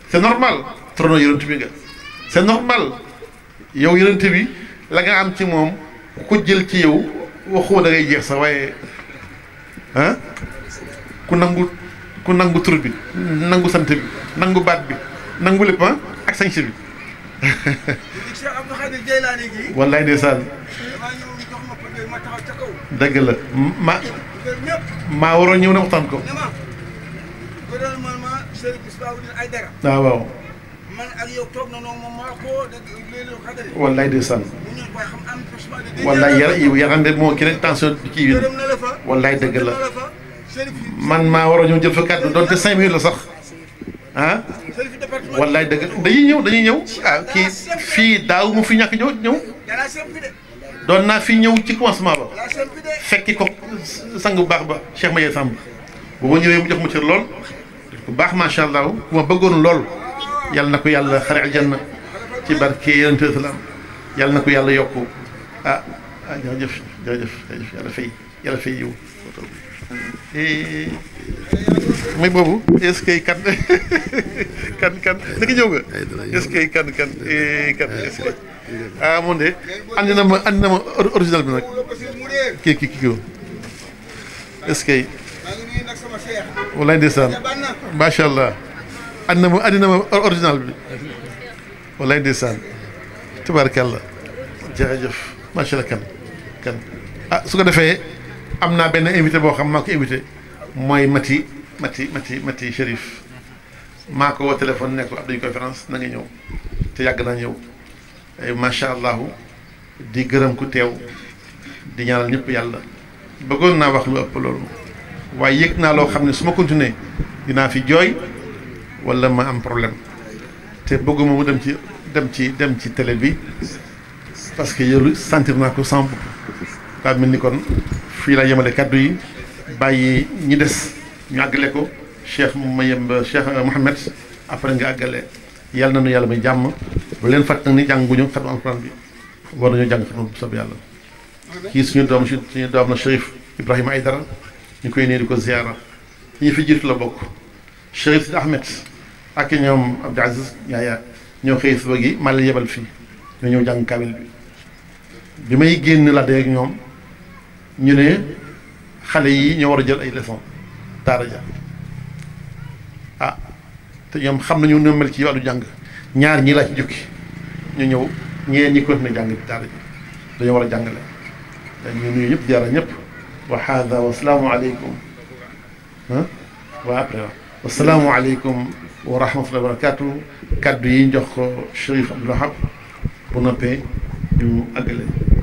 c'est normal trono yonent bi nga c'est normal yow yonent bi la nga am ci moom ku jël ci yow waxoo da jeex sax waaye ah ku nangu ku nangu tur bi nangu sant bi nangu baat bi nangu lépp ak sañse bi. wallaay ndeysaan dëgg la ma maa waroon ñëw ne waxtaan ko ah, waaw waaw man ak yow toog na noonu moom maa ko léeg de san wallaay yar yarande moo ki rek tension kii yi wallaay dëgg la man maa war a ñëw jël fa kàddu doonte cinq minutes la sax ah wallaay dëgg dañuy ñëw dañuy ñëw ah kii fii daaw mu fi ñàkk ñëw ñëw doon naa fi ñëw ci commencement ba fekki ko sang bu baax ba Cheikh Maye Samb bu ma ñëwee mu jox ma cër lool bu baax macha allah ku bëggoon lool yal nako yalla yàlla xare aljanna ci barke yonente salam yal nako yalla yokku ah ah jërëjëf jërëjëf jërëjëf yàlla fay yalla fay yiw eh, muy bobu est-ce kan kan kan naka ñëw nga est-ce kan kan eh, kan kan est-ce ah mon de andina ma andina ma original bi nak ki ki ki est-ce que walaay ndeysaan macha allah أنا مو أنا مو أورجينال ولا إنسان تبارك الله جعجف ما شاء الله كان كان آه، سكنا في أمنا بين إيمتي بوخ ماك إيمتي ماي متي متي متي متي شريف ماكو تليفون نيكو عبد الكونفرنس نغي نيو تي ياغ نيو اي ما شاء الله دي گرم كو تيو دي نيال نيب يالا بغون نا واخ لو اپ لول واي يك نا لو خامني سما كونتيني دينا في جوي wala ma am problème te bëgguma mu dem ci dem ci dem ci télé bi parce que yow sentir naa ko sans daa mel ni kon fii laa yemale kàddu yi bàyyi ñi des ñu àggale ko mu ma yem cheikh euh, Mouhamed après nga àggale yàlla na nu yàlla may jàmm bu leen fàtt nag ni jànguñu xatu alxuraan bi war nañu jàng xatu bu sab yàlla kii suñu doom suñu doom na Chérif Ibrahima Aïdara ñu koy nee di ko ziyaara ñi fi jiitu la bokk Chérif Sidi Ahmed ak ñoom Abdou Aziz Yaya ñoo xëy suba gi ma leen yebal fii ñoo ñëw jàng kaamil bi bi may génn la dee ak ñoom ñu ne xale yi ñoo war a jël ay leçon daara ja ah te ñoom xam nañu ne mel ci wàllu jàng ñaar ñi laa ci jukki ñu ñëw ñeen ñi continué jàng bi daara ji dañoo war a jàngale dañu nuyu ñëpp jaara ñëpp wa hada wasalaamu aleykum ah waa après wa wasalaamu aleykum wa rahmatullahi wa barakaatu kaddu yi jox ko Chérif Abdoul Wahab bu noppee ñu àggale